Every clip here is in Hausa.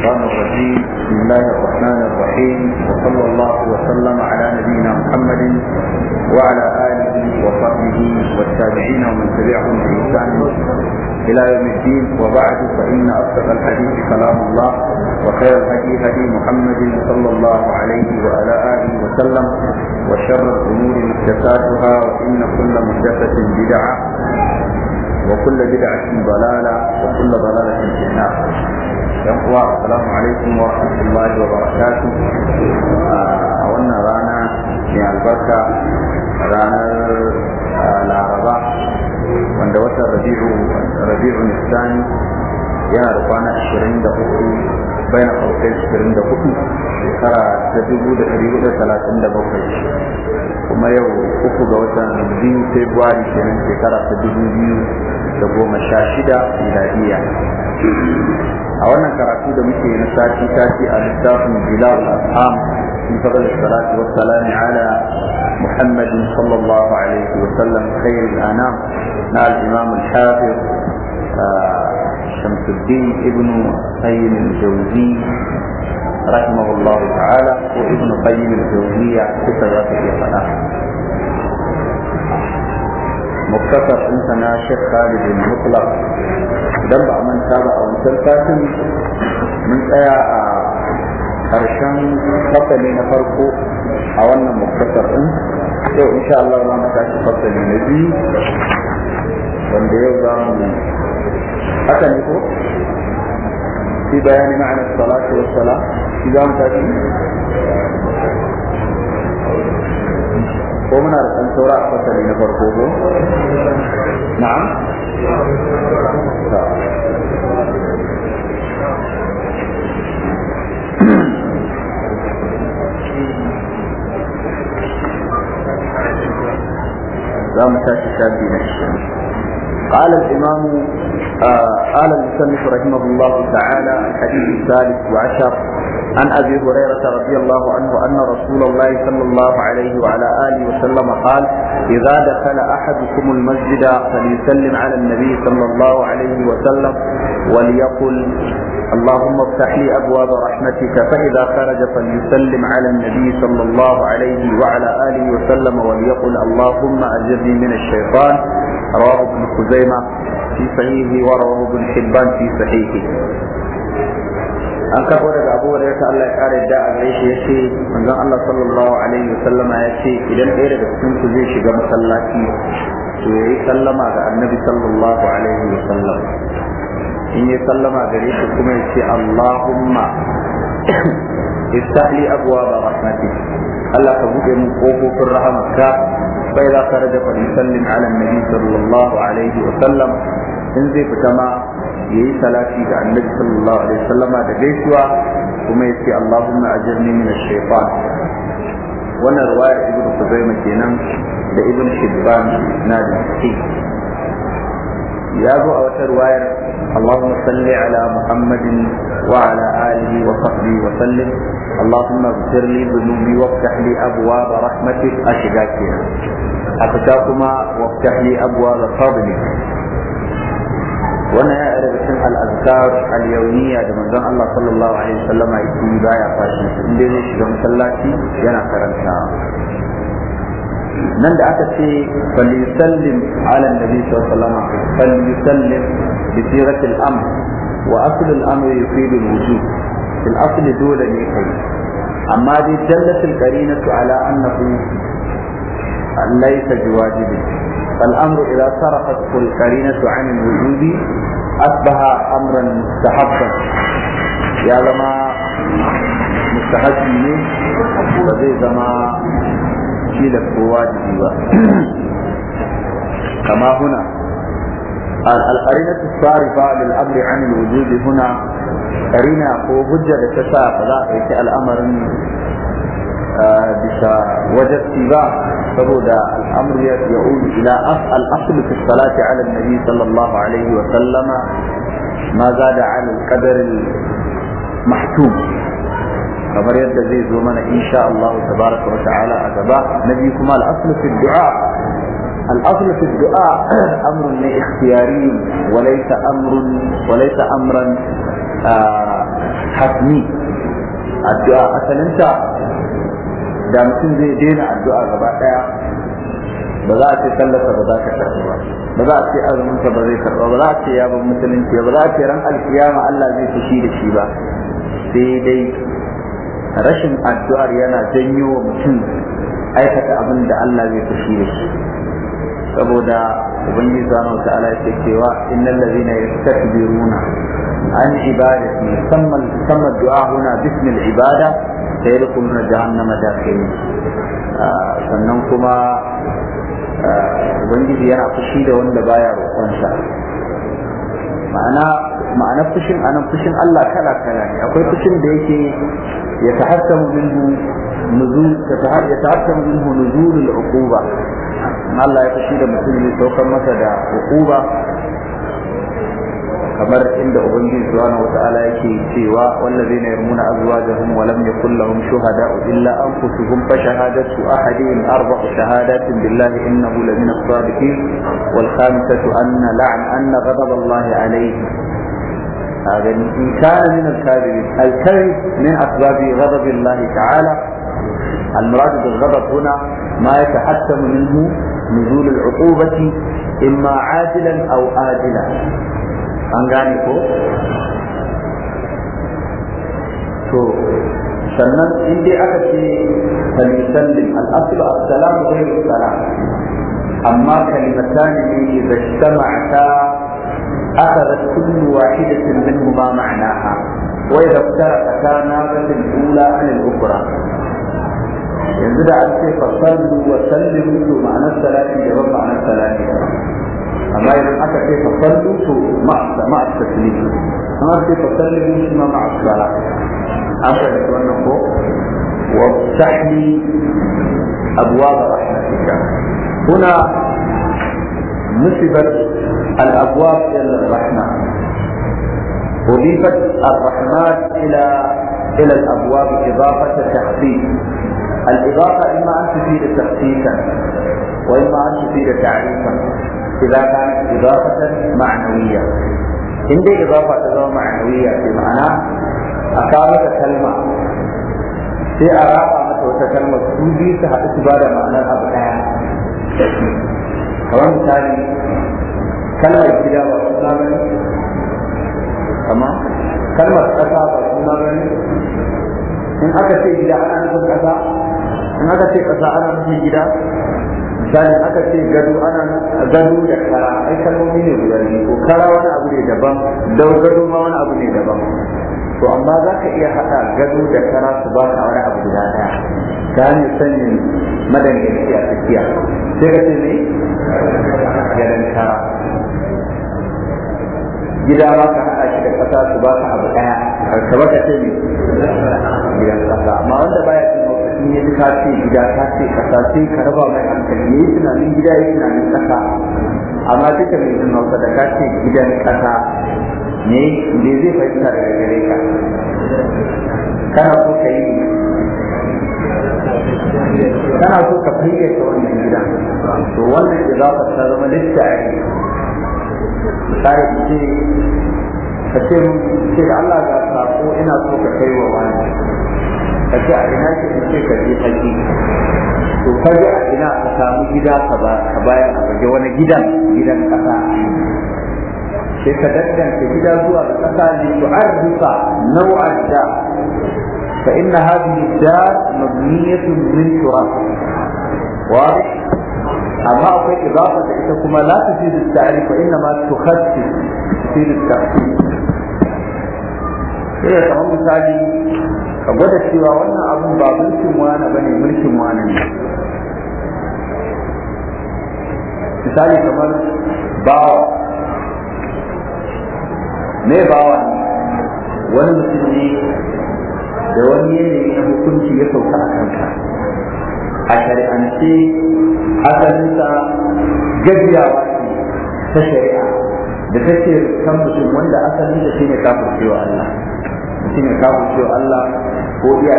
الشيطان الرجيم بسم الله الرحمن الرحيم وصلى الله وسلم على نبينا محمد وعلى آله وصحبه والتابعين ومن تبعهم بإحسان إلى يوم الدين وبعد فإن أصدق الحديث كلام الله وخير الهدي هدي محمد صلى الله عليه وعلى آله وسلم وشر الأمور محدثاتها وإن كل محدثة بدعة وكل بدعة ضلالة وكل ضلالة في النار يقوى السلام عليكم ورحمة الله وبركاته أولنا رانا من البركة رانا العربة وان دوت ربيع ربيع الثاني يا ربانا 23 بين قوسين 24 shekara ta dubu da ɗari da talatin da bakwai kuma yau uku ga watan biyu februari kenan shekara ta dubu biyu da goma sha shida miladiya a wannan karatu da muke na sati sati a littafin bilal al'am في فضل الصلاة والسلام على محمد صلى الله عليه وسلم خير الأنام مع الإمام الحافظ شمس الدين ابن قيم الجوزي رحمه الله تعالى وابن قيم الجوزية في سياق الصلاة مختصر انسنا شيخ خالد المطلق دبع من تابع وانسان من karshen fasali na farko a wannan muktasar ɗin, yau insha Allah za mu tashi fasali na biyu wanda yau za mu haka ko fi bayani ma'anar salatu نظام تاكي ومن أن سوراء نفر فرقوه نعم لام تاتي قال الإمام آه قال المصنف رحمه الله تعالى الحديث الثالث وعشر عن ابي هريره رضي الله عنه ان رسول الله صلى الله عليه وعلى اله وسلم قال: اذا دخل احدكم المسجد فليسلم على النبي صلى الله عليه وسلم وليقل اللهم افتح لي ابواب رحمتك فاذا خرج فليسلم على النبي صلى الله عليه وعلى اله وسلم وليقل اللهم اجرني من الشيطان رواه ابن خزيمه في صحيحه ورواه ابن حبان في صحيحه. an karɓo daga abu da ta Allah ya ƙara yadda a gare shi ya ce manzon Allah sallallahu alaihi wasallama ya ce idan ɗaya daga cikin ku zai shiga masallaci to yayi sallama ga annabi sallallahu alaihi wasallam in yi sallama gare shi kuma ya ce Allahumma istahli abwaaba rahmatik Allah ka buɗe mu ƙofofin rahamarka fa ka kharaja fa sallin ala annabi sallallahu alaihi wasallam in zai fita ma yayi salati ga annabi sallallahu alaihi wasallama da gaisuwa kuma ya ce Allahumma ajirni min ash-shaytan wannan riwaya ibn Khuzaimah kenan da ibn Hibban na da ya zo a wata riwayar اللهم صل على محمد وعلى آله وصحبه وسلم اللهم اغفر لي ذنوبي وافتح لي kenan" رحمتك أشجاكها أتكاكما وافتح لي أبواب فضلك wannan ya daga cikin al'azkar al-yawmiya da manzon Allah sallallahu alaihi wasallama yake baya fashi inda ne shiga masallaci yana karanta nan da aka ce falisallim ala nabi sallallahu alaihi wasallama falisallim bi sirati al-amr wa asl al-amr yufidu al-wujub fil asl dole ne kai amma dai dallat al-qarinatu ala annahu laysa biwajibin فالامر اذا صرفته القرينه عن الوجود asbaha amran mustahabban ya zama mustahabbi ne ba zai zama tilas ko wajibi ba kama huna القرينة الصارفة للأمر عن الوجود هنا قرينة هو حجة تساق لا الأمر bisa wajen ba saboda al'amur ya ya'udu ila al'asl fi salati ala nabi sallallahu alaihi wa sallama ma zada ala al-qadar mahtum kamar yadda zai zo mana insha Allah tabaraka wa ta'ala a gaba nabi kuma al'asl fi du'a الأصل في الدعاء أمر اختياري وليس أمر وليس أمرا حتمي الدعاء أسلمت da mutum zai daina addu'a gaba daya ba za a ce sallarsa ba za ka karɓi ba ba za a ce azuminsa ba zai karɓa ba za a ce ya musulunci ba za a ce ran alkiyama Allah zai fushi da shi ba sai dai rashin addu'ar yana janyo wa mutum aikata abin da Allah zai fushi da shi saboda ubangiji subhanahu ta'ala yake cewa innal ladhina yastakbiruna an ibadati musamma musamma du'a huna bismil ibada sayadkhuluna jahannama dakhirin ah, sannan kuma ah, ubangiji yana fushi da wanda baya roƙonsa ma'ana ma'anar fushin anan fushin Allah kala kala ne akwai fushin da yake ya tahassamu minhu نزول يتعلق منه نزول العقوبة Allah ya fushi da mutum ne saukar masa da hukuma kamar inda ubangiji subhanahu wata'ala yake cewa wallazina yarmuna azwajahum wa lam yakul lahum shuhada'u illa anfusuhum fa shahadatu ahadihim arba'u shahadatin billahi innahu lamina as-sadiqin wal khamisatu anna la'an anna ghadab Allah alayhi هذا إن كان من الكاذبين الكذب من أسباب غضب الله تعالى المراد بالغضب هنا ما يتحتم منه نزول العقوبة إما عاجلا أو آجلا أنغانيكو تو sannan in dai aka ce kalimatan din al'asiru assalamu alaihi wasalam amma kalimatan ne da shi ta aka rasu wahida tun min ma ma'ana ha wai rabta ta na ga tun dula a يزيد عن كيف فصلوا وسلموا شو معنى الثلاثة يرد معنى الثلاثة أما إذا حكى كيف فصلوا شو مع مع التسليم أما شيء فصلوا شو مع الصلاة أما إذا كنا فوق وافتح لي أبواب رحمتك هنا نسبت الأبواب إلى الرحمة أضيفت الرحمات إلى إلى الأبواب إضافة تخفيف الإضافة إما أن تفيد تخصيصا وإما أن تفيد تعريفا إذا كانت إضافة معنوية إن دي إضافة تزوم معنوية بمعنى أصابت كلمة في أراقة متوسط كلمة سوزي تحدث بعد معنى الأبدان kamar misali kalmar gida ba suna gani kama kalmar ƙasa ba suna gani in aka ce gida ana nufin ƙasa in aka ce ƙasa ana nufin gida misali aka ce gado ana gado da kara ai kalmomi ne guda ne ko kara wani abu ne daban dau gado ma wani abu ne daban to amma za ka iya haɗa gado da kara su ba ka wani abu guda ɗaya ta ne sanin madanganci tafiya sai ka ce ne gadon kara gida ba ka haɗa shi da ƙasa su ba ka abu ɗaya ka ba ka ce ne gidan ƙasa amma wanda baya cin in ya ji ka ce gida ta ce ƙasa sai ka raba mai hankali ne tunanin gida ya tunanin ƙasa amma duka mai jin hausa da ka ce gidan ƙasa ne ne zai fahimta daga gare ka kana so ka yi kana so ka fayyace wannan gidan to wannan idafa ta zama littafi kare ce ka ce ce da Allah ga sako ina so ka kai wa wani ka ce a ina ke ce ka je haji to ka je a ina ka samu gida ka bayar ka fage wani gidan gidan kasa sai ka danganta gida zuwa ga kasa ne to arzuka nau'ar da فإن هذه الدار مبنية من تراب واضح amma akwai idafa da ita kuma la ta zidu ta'rif wa inna ma tukhassis zidu ta'rif sai ya kamar misali ka gwada cewa wannan abun ba mulkin wani bane mulkin wani ne misali kamar bawa me bawa wani musulmi da wani yanayi na hukunci ya sauka a kanka a shari'ance asalinsa gajiyawa ta shari'a da take kan mutum wanda asalin da shine kafin cewa Allah mutum ya kafin cewa Allah ko iya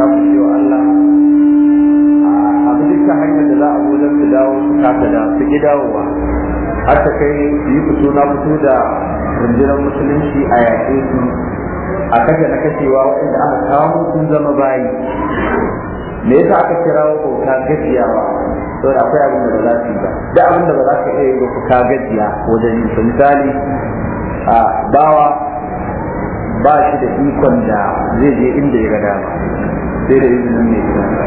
kafin cewa Allah A dukkan hanyar da za a wajen su dawo su kafa da su ki dawowa har ta kai yi fito na fito da rundunar musulunci a yaƙe su a kashe na kashewa waɗanda aka kawo sun zama bayi me yasa aka kira bauta gajiyawa to da akwai abin da ba za su yi ba da abin da ba za ka iya yi ka gajiya wajen yin su misali a bawa ba shi da ikon da zai je inda ya ga dama sai da izinin mai gidansa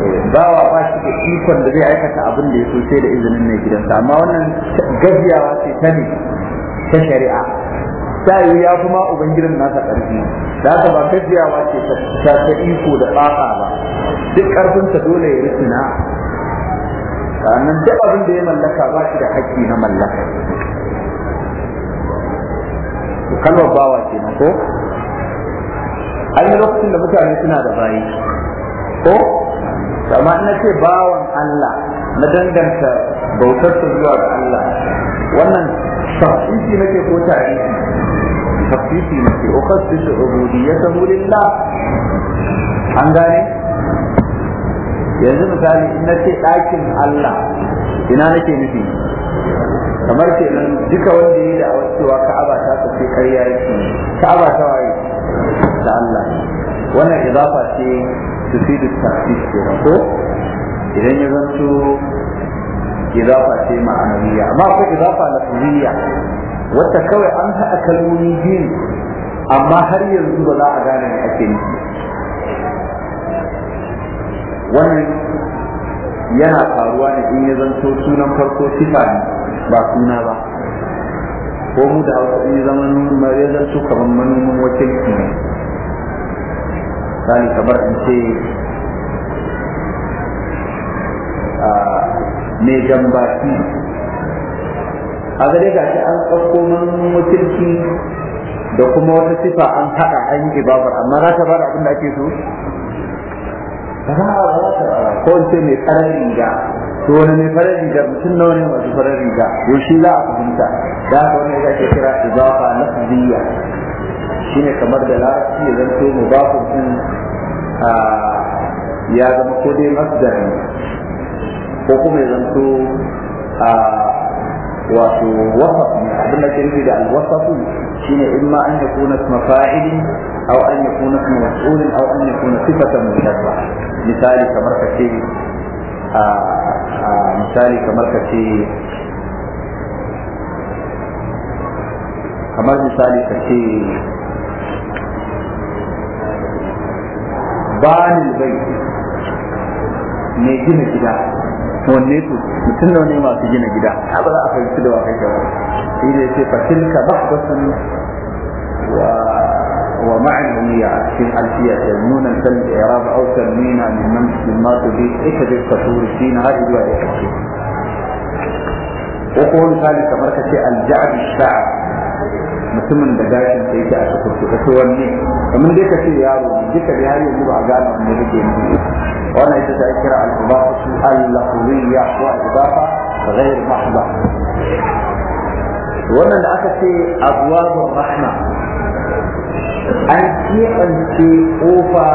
eh, bawa ba shi da ikon da zai aikata abin da ya so sai da izinin mai gidansa amma wannan gajiyawa ce ta ne ta shari'a yi ya kuma ubangidan nasa ƙarfi da haka ba gajiyawa ce ta iko da tsafa ba duk ƙarfinsa dole ya rikina sannan duk abin da ya mallaka ba shi da haƙƙi na mallaka kalmar bawa ce na ko Ai yi lokacin da mutane suna da bayi ko amma na ce bawan Allah na danganta bautar su zuwa ga Allah wannan tafsiri nake ko tarihi tafsiri nake ukhassis ubudiyyatahu lillah an gane yanzu misali in na ce ɗakin Allah ina nake nufi kamar ke nan duka wanda yi da a cewa ka'aba ta tafi karya yake ka'aba ta waye da Allah wannan izafa ce tufidu tafsir kenan ko idan ya zanto izafa ce ma'anariya amma akwai na lafziya wata kawai an haɗa kalmomi biyu amma har yanzu ba za a gane ne ake nufi wannan yana faruwa ne in ya zanto sunan farko sifa ne ba suna ba ko mu da hausa in ya zama ya zanto kamar manomin wakilci ne sani kamar in ce mai jambaki a gare ga shi an ɗauko manomin wakilci da kuma wata sifa an haɗa an yi ibabar amma za ta da abin da ake so ko ce mai farar riga to wani mai farar riga mutum nawa ne masu farar riga to shi za a fahimta da haka wani ya ke kira su idafa lafziya shine kamar da larabci ya zanto mudafun din ya zama ko dai masdar ko kuma ya zanto wato wasaf ne abin da ke nufi da alwasafu shine in ma an yakuna isma fa'ilin aw an yakuna isma mas'ulin aw an yakuna sifatan mushabba misali kamar ka ce a misali kamar ka ce kamar misali ka ce bani bai ne gina gida wanne su mutum da wani masu gina gida a ba za a fahimci da wa kai gaba sai da ya ce fatilka ba wa ومع الهمية في الحلفية يمنون سن الإعراب أو تنمينا من ممس الماضي به إكد الكتور سينا هذه الواقع الكتور وقول ثالثة مركزة الجعب الشعب مثمن بجاش سيكي أشكر في أتواني ومن ذلك في ريالو من ذلك ريالي يجب أعجال من ذلك وأنا إذا تأكرا الإضافة اللقوية وإضافة غير محضة وأنا لأكد في أبواب الرحمة an keɓance ƙofa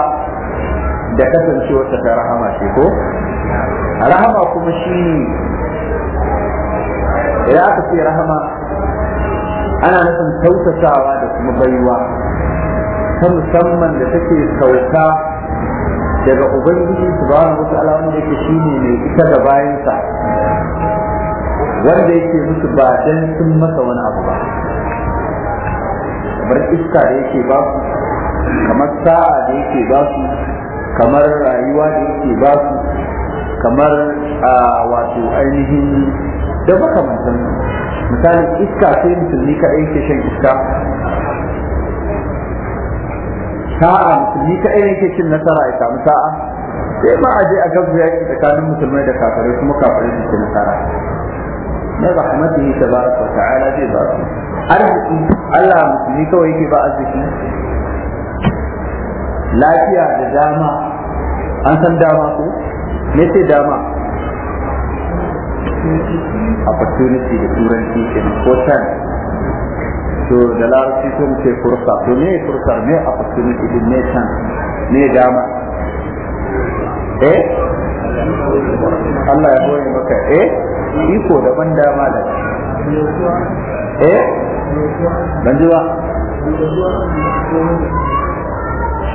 da kasancewarta ta rahama ce ko rahama kuma shi ya aka ce rahama ana nufin kyautatawa da kuma baiwa ta musamman da take sauka daga ubangiji subhanahu wa ta'ala wanda yake shine mai ita da bayansa wanda yake musu ba dan sun masa wani abu kamar iska da yake ba su kamar sa'a da yake ba su kamar rayuwa da yake ba su kamar a wato ainihin da makamantan misalin iska sai musulmi kaɗai ke shan iska sa'a musulmi kaɗai ne ke cin nasara ya samu sa'a sai ma a je a gabu yaki tsakanin musulmai da kafirai kuma kafirai su ci nasara na rahmatihi tabaraka wa ta'ala zai ba su arziki Allah musulmi kawai yake ba arziki lafiya da dama an san dama ko me ce dama opportunity da turanci kenan ko chance to da larabci sun ce fursa to ne fursa ne opportunity din ne can ne dama eh Allah ya goye maka eh iko daban dama da eh banjuwa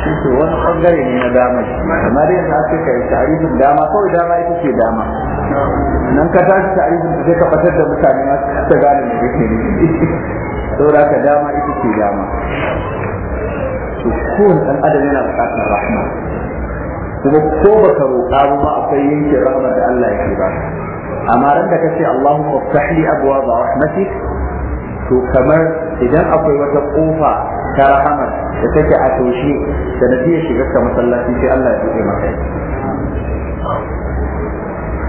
shi to wani ɓangare ne na dama amma dai yanzu ake kai tarihin dama kawai dama ita ce dama nan ka tashi tarihin da zai ka fatar da mutane na ta gane da yake ne saboda ka dama ita ce dama to kowane ɗan adam yana buƙatar rahama kuma ko ba ka roƙa ba ma akwai yanke rahama da Allah yake ba amma ran da kace Allahumma ftahli abwaaba rahmatik to kamar idan akwai wata kofa ta rahama da take a toshe da na fiye shiga ka masallaci sai Allah ya buɗe maka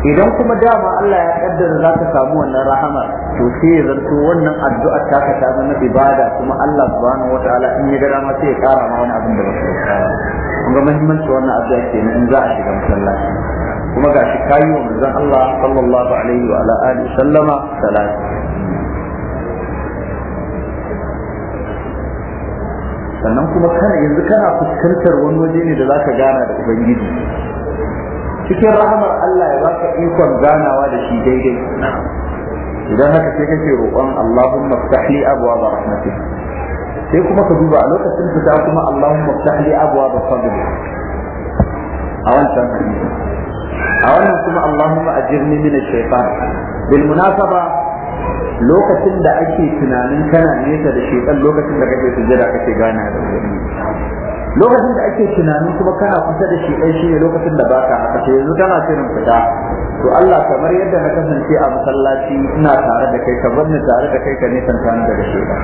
idan kuma dama Allah ya kaddara za ka samu wannan rahama to sai ya zarto wannan addu'a ta ka ta zama ibada kuma Allah subhanahu wataala in ya ga dama sai ya kara ma wani abin da ba ka kun ga muhimmanci wannan addu'a kenan in za a shiga masallaci kuma gashi kayi wa manzon Allah sallallahu alaihi wa ala alihi sallama salatu. sannan kuma kana yanzu kana fuskantar wani waje ne da zaka gana da ubangiji cikin rahamar Allah ya baka ikon ganawa da shi daidai idan haka sai kake roƙon Allahumma ftahli abwaaba rahmatik sai kuma ka duba a lokacin fita kuma Allahumma ftahli abwaaba fadlik a wancan hadisi a wannan kuma Allahumma ajirni min ash-shaytan bil munasaba lokacin da ake tunanin kana nesa da shekan lokacin da kake sujjada kake gana da wani lokacin da ake tunanin kuma kana kusa da shi ɗan shi ne lokacin da baka haka sai yanzu kana shirin fita to Allah kamar yadda na kasance a masallaci ina tare da kai ka bar ni tare da kai ka nisan tani daga shekan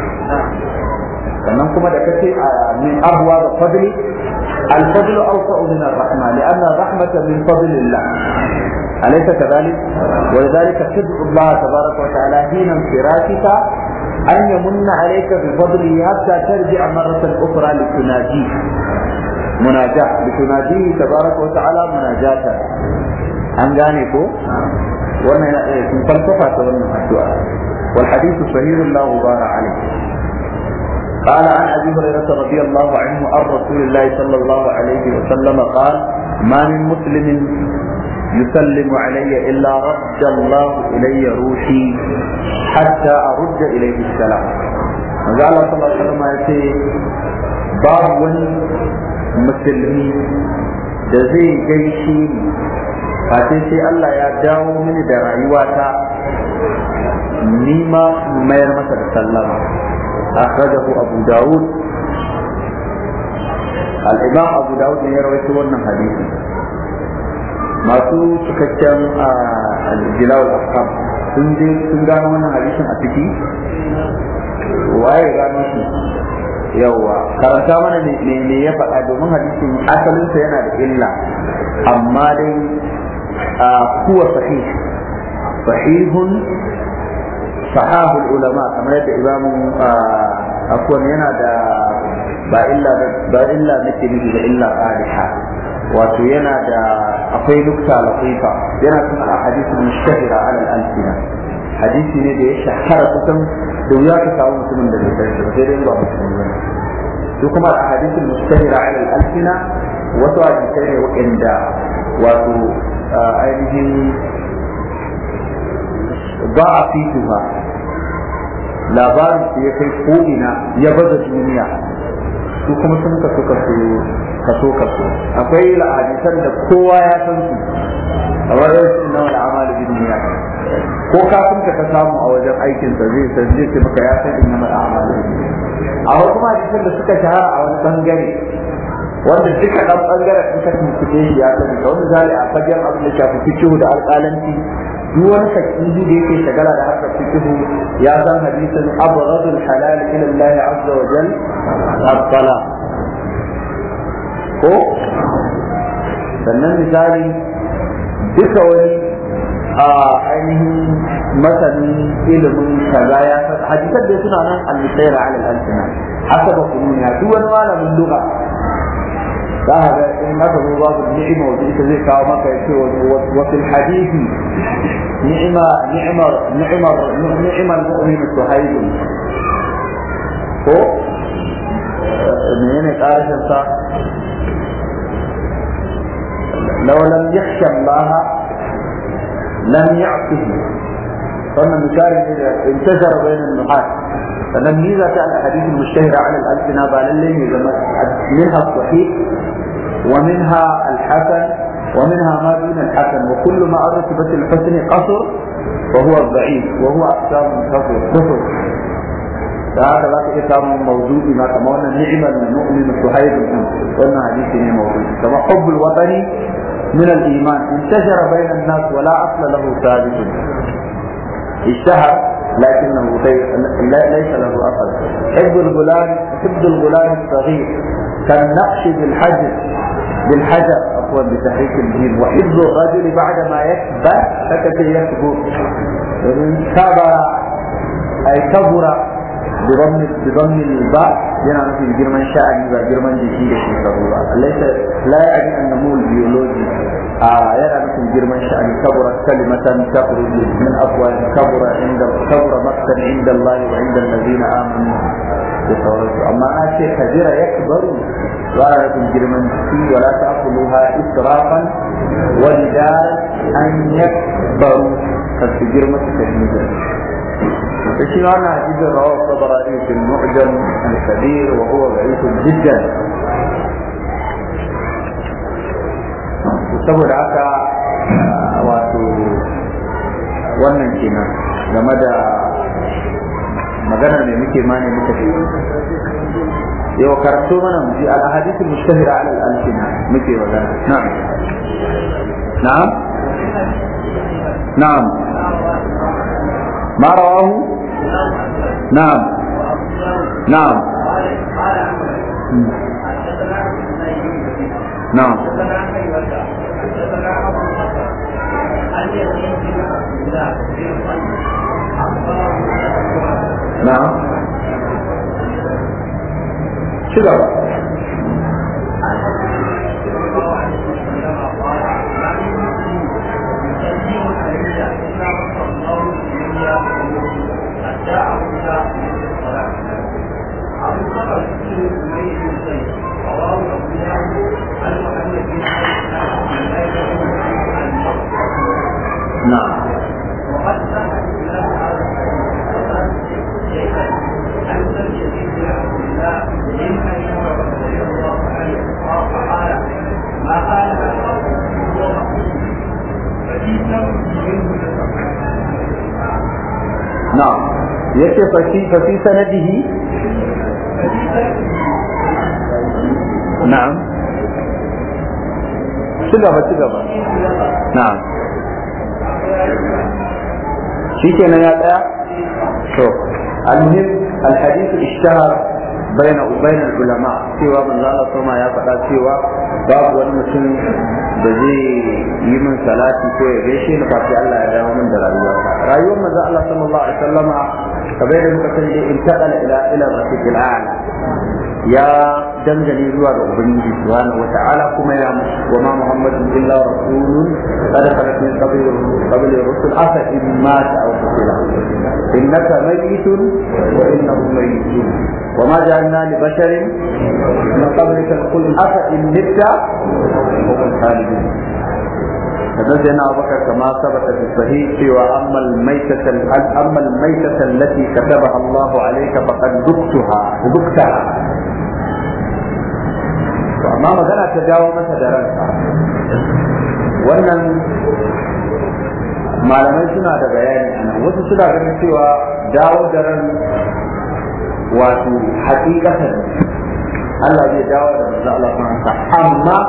sannan kuma da kace a min ahwa da fadli al-fadlu awsa'u min ar-rahma li'anna rahmata min fadlillah أليس كذلك؟ ولذلك تدعو الله تبارك وتعالى حين انصرافك أن يمن عليك بفضله حتى ترجع مرة أخرى لتناجيه مناجاة لتناجيه تبارك وتعالى مناجاة أن جانيكو ومن فلسفة وأنا السؤال والحديث صحيح لا غبار عليه قال عن ابي هريره رضي الله عنه عن رسول الله صلى الله عليه وسلم قال ما من مسلم يسلم علي إلا رد الله إلي روحي حتى أرد إليه السلام قال الله صلى الله عليه وسلم باب مسلمي da zai gaishe ni fatin sai Allah ya dawo mini da rayuwata ni ma mayar masa da sallama akhrajahu abu daud al-imam abu daud ne ya rawaito wannan hadisi masu cikakken a ah, jilawar afkam sun je sun gano wannan hadisin a ciki waye gano shi yawwa karanta mana ne ya faɗa domin hadisin asalinsa yana da illa amma dai a ah, kuwa sahih sahihun sahahul ulama kamar yadda a ah, kuwa yana da ba illa ba illa nake nufi da illa qadiha wato yana da akwai nukta latifa yana cikin hadisi mushtahira ala al-alsina hadisi ne da ya shahara kusan da wuya ka samu mutumin da bai san shi sai dai ba musulmi ba duk kuma hadisin mushtahira ala al wato wasu hadisai ne waɗanda wato ainihin ba a fituwa labarin da ya kai ko'ina ya baza duniya su kuma sun kasu kasu kaso kaso akwai hadisan da kowa ya san su a wajen su na wani amali bin niyya ko kafin ka samu a wajen aikin sa zai san zai ce maka ya san da mal a'malu a wasu kuma hadisan da suka shahara a wani bangare wanda duka dan bangare in ka tuntuɓe shi ya san ka wani zai a fagen abin da shafi fikihu da alƙalanci duk wani sakidi da yake shagala da harkar fikihu ya san hadisin abghadul halal ila Allah azza wa jal at-tala ko sannan misali duka wani a ainihin masani ilimin kaza ya hadisan da suna nan al-misayra ala al-ansana hasaba kununiya duk wani malamin lugha فهذا مثل الله النعمة وتلك الذكرى وما وفي الحديث نعمة نعمة نعمة نعمة المؤمن الصهيب هو منين قال شمسة لو لم يخشى الله لم يعطه ثم بشار انتشر بين النحاس فمن ميزة الحديث المشتهر على الألسنة بل اللي منها الصحيح ومنها الحسن ومنها ما دون الحسن وكل ما رتبة الحسن قصر فهو الضعيف وهو أكثر من قصر قصر فهذا لا تكتم موجود ما كما نعم المؤمن صهيب قلنا حديث موجود كما حب الوطن من الإيمان انتشر بين الناس ولا أصل له ثابت اشتهر لكنه ليس له أصل حب الغلام حب الغلام الصغير كان بالحجر بالحجر عفوا بتحريك الجيم وحفظ الرجل بعد ما يكبر فكيف يكبر ومن كبر اي كبر بضم بضم الباء هنا في الجرمان شاء يبقى جرمان جديد في الضرورة ليس لا يعني النمو البيولوجي آه يرى مثل الجرمان شاعر كبر كلمة تخرج من أقوال كبر عند كبر مقتل عند الله وعند الذين آمنوا اما أشياء الحجره يكبر غرض الجرمانسكي ولا تاخذوها اسرافا ولذلك ان يكبروا خلف الجرمانسكي الشيء أنا عزيز رواه الطبراني في المعجم الكبير وهو ضعيف جدا. سبب عكا آه، واتو ومن كنا لمدى magana ne muke ma ne muka ce yau karanto mana mu ji al-ahadith al-mushtahira ala al-alfina muke magana na'am na'am na'am ma rawahu na'am na'am نعم ¡Gracias! yace fa fi sanadihi na'am ci gaba ci gaba na'am shikenan ya daya to alhim الحديث اشتهر بين بين العلماء cewa manzo Allah sama ya faɗa cewa babu wani mutum da zai yi min salati ko ya gaishe ni kafin Allah ya dawo min da rayuwa rayuwar manzo Allah sallallahu alaihi wasallama kamar yadda muka sani dai in ta'ala ila ila rafiqil a'la ya dangane zuwa ga ubangiji subhanahu wata'ala kuma ya wa ma muhammadu illa rasulun kada khalat min qablihi qablihi rusul asa in ta aw qutila innaka mayitun wa innahum mayitun wa ma ja'alna li basharin min qablika al-khuld afa in nitta wa kuntum khalidin sannan sai na abubakar kama sabata fi sahih cewa ammal maitatan ammal maitatan lati kataba Allah alayka faqad amma magana ta dawo masa da wannan malamai suna da bayani ana wasu suna ganin cewa dawo da ran wato hakikatan Allah zai dawo da manzo Allah amma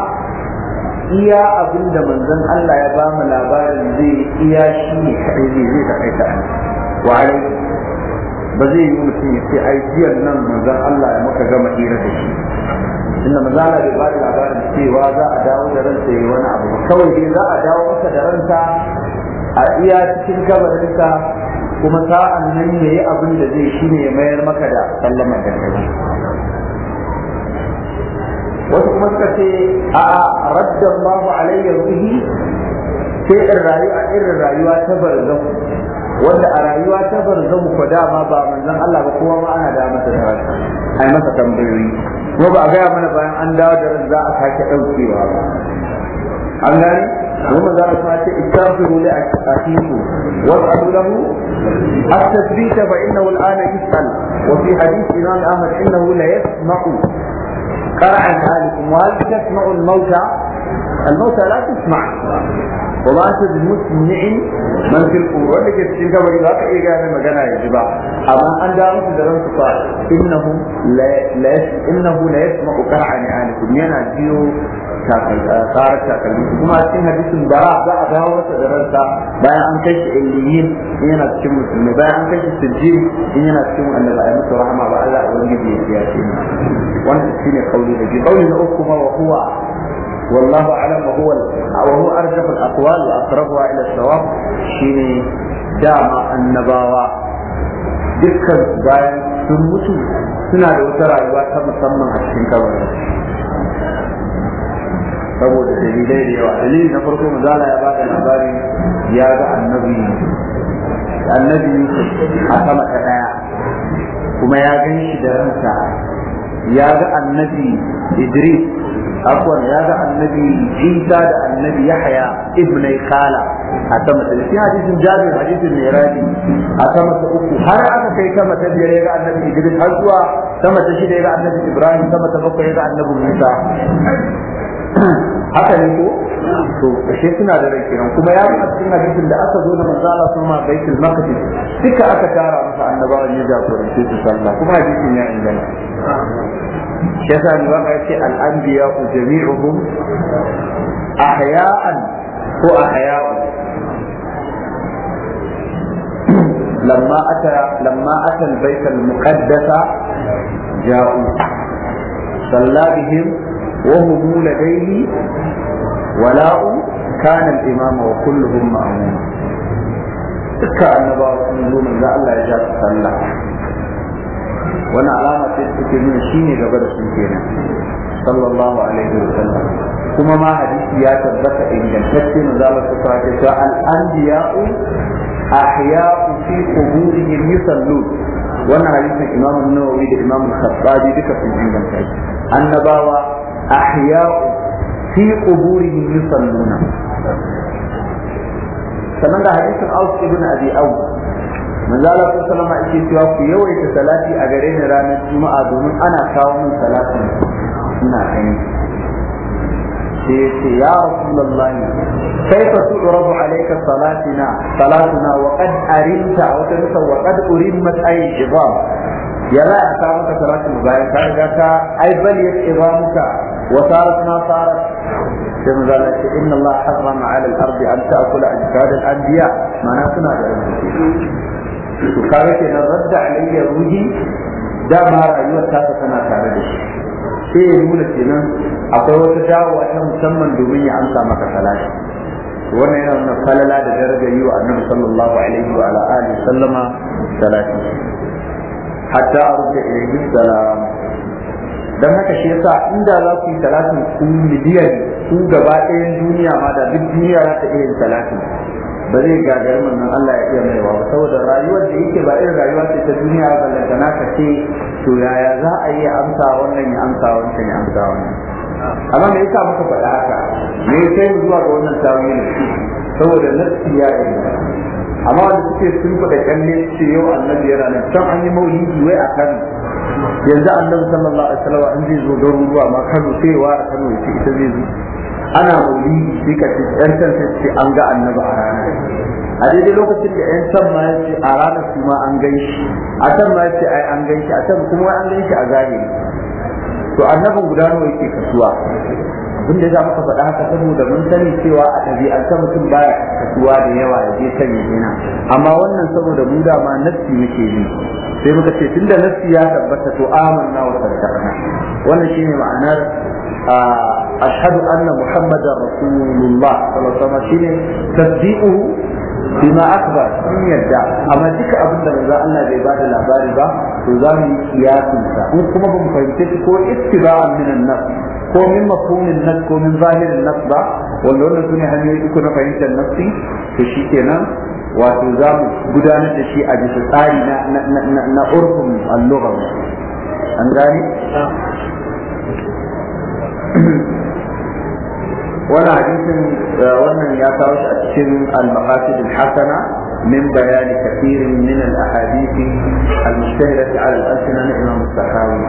iya abin da manzon Allah ya ba mu labarin zai iya shi ne kaɗai zai zai ta kai ta wa ba zai yi mutum ya ce ai nan manzon Allah ya maka gama hira da shi inda manzon Allah bai ba da labarin cewa za a dawo da ransa yayi wani abu kawai dai za a dawo masa da ransa a iya cikin gabarinsa kuma sa'an nan ya yi abin da zai shi ne ya mayar maka da sallama da kai wasu kuma suka ce a raddan babu alayya ruhi sai in rayu a irin rayuwa ta barzahu wanda a rayuwa ta barzahu ko dama ba manzon Allah ba kowa ma ana da masa tarashi ai masa tambayoyi kuma ba a gaya mana bayan an dawo da za a sake daukewa ba an gani kuma za a sace istaghfiru li akhiku was'alu lahu at-tathbita fa innahu al-ana yas'al wa fi hadith Imam Ahmad innahu la yasma'u قرع ذلكم وهل تسمع الموتى؟ الموتى لا تسمع وما أنت بمسمع من في القبور لك تشين كبر إذا كأي كان مجانا يجبا أما أن دارت درن قال إنه لا إنه لا يسمع قرع نعالكم ينا جيو karar takalmi kuma cikin hadisin da za a dawo masa da ransa bayan an kai shi illiyin in yana cikin musulmi bayan an kai shi sujjin in yana cikin wanda ba ta yi rahama ba Allah a ubangiji ya biya shi wannan shine kauli da biyu kauli na uku ma wa huwa والله اعلم وهو وهو ارجح الاقوال ila الى الصواب شيني dama annabawa dukkan bayan sun mutu suna da wata rayuwa ta musamman a cikin kawai saboda dalilai da yawa dalilin na farko manzala ya bada labari ya ga annabi annabi a sama ta daya kuma ya gan shi da ransa ya ga annabi idris akwai ya ga annabi isa da annabi yahya ibn kala a sama ta cikin hadisin jabir hadisin miradi a sama ta uku har aka kai sama ta biyar ya ga annabi idris har zuwa sama ta shida ya ga annabi ibrahim sama ta bakwai ya ga annabi musa haka ne ko to ashe suna da rai kiran kuma ya faɗa cikin hadisin da aka zo da manzo Allah sun ma baitul maqdis duka aka tara masa annabawan ya jagorance su sallah kuma hadisin ya ingana shi yasa ni ba ce al anbiya ku jami'uhum ahya'an ko ahya'u لما أتى لما أتى البيت المقدس جاءوا صلى بهم وهم لديه ولاء كان الإمام وكلهم مأمون كأن بعض من ذا الله يجاب صلى وانا علامة تتكلم شيني قبل سنتين صلى الله عليه وسلم ثم ما حديث يا تبت إن جنتكم ذلك فاتشاء الأنبياء أحياء في قبورهم يصلون وانا حديث الإمام النووي الإمام الخطابي بك في الجنة النبوة ahya'u fi quburihim yusalluna sannan da hadisin Auf ibn Abi Auf manzo Allah sallama yake cewa yawaita salati a gare ni ranar Juma'a domin ana kawo min salatin ina gani sai ce ya Rasulullah kaifa tu'rabu alayka salatina salatuna wa qad arinta aw tansa wa qad urimmat ay jibab ya salatin bayan ka riga ka muka وصارت ما صارت كما قال إن الله حرم على الأرض أن تأكل أجساد الأنبياء معناتنا kaga kenan radda alayya ruhi dama rayuwar tasa tana tare da shi sai ya nuna kenan akwai wata dawowa ta musamman domin ya amsa maka salati wannan yana nuna falala da daraja yi wa annabi sallallahu alaihi wa ala alihi sallama salati hatta arda ilayhi salam don haka shi yasa inda za ku yi talatin ku miliyan sun gaba ɗayan duniya ma da duk duniya za ta iya yin talatin ba zai gagarin wannan Allah ya iya maiwa ba saboda rayuwar da yake ba irin rayuwa ce ta duniya ba lantana ka ce to yaya za a yi amsa wannan ya amsa wancan ya amsa wannan amma me yasa muka faɗa haka me ya kai mu zuwa ga wannan tawili saboda nafsi ya yi amma wanda suke sun faɗa kyalle su ce yau annabi yana nan can an yi mawuyi wai a kano yanzu annabi sallallahu alaihi wasallam an zai zo garuruwa ma Kano sai wa Kano ya ce ita zai zo ana mauli sai ka ce yan san sai ce an ga annabi a ranar a daidai lokacin da yan san ma yace a ranar kuma an gan shi a san ma yace ai an gan shi a san kuma an gan shi a zahiri to annabin guda nawa yake kasuwa abin da za mu faɗa haka saboda mun sani cewa a ɗabi'arsa mutum baya kasuwa da yawa ya je kan yana amma wannan saboda mu dama ma muke yi sai muka ce tunda nafsi ya tabbata to amanna wa saddaqna wannan shine ma'anar ashhadu anna muhammadar rasulullah sallallahu alaihi wasallam shine tasdiquhu bima akbar sun yadda amma duka abin da manzo Allah bai bada labari ba to za mu yi kiyasin sa kuma ba mu fahimce ko ittiba'an minan nafs ko min mafhumin nas ko min zahirin nas ba wanda wannan sune hanyoyi uku na fahimtar nafsi to shi kenan wato za mu gudanar da shi a bisa tsari na na na urfun al-lugha an gani wannan hadisin wannan ya kawo shi a cikin al-maqasid al-hasana من بيان كثير من الاحاديث المشتهره على الالسنه من الصحابي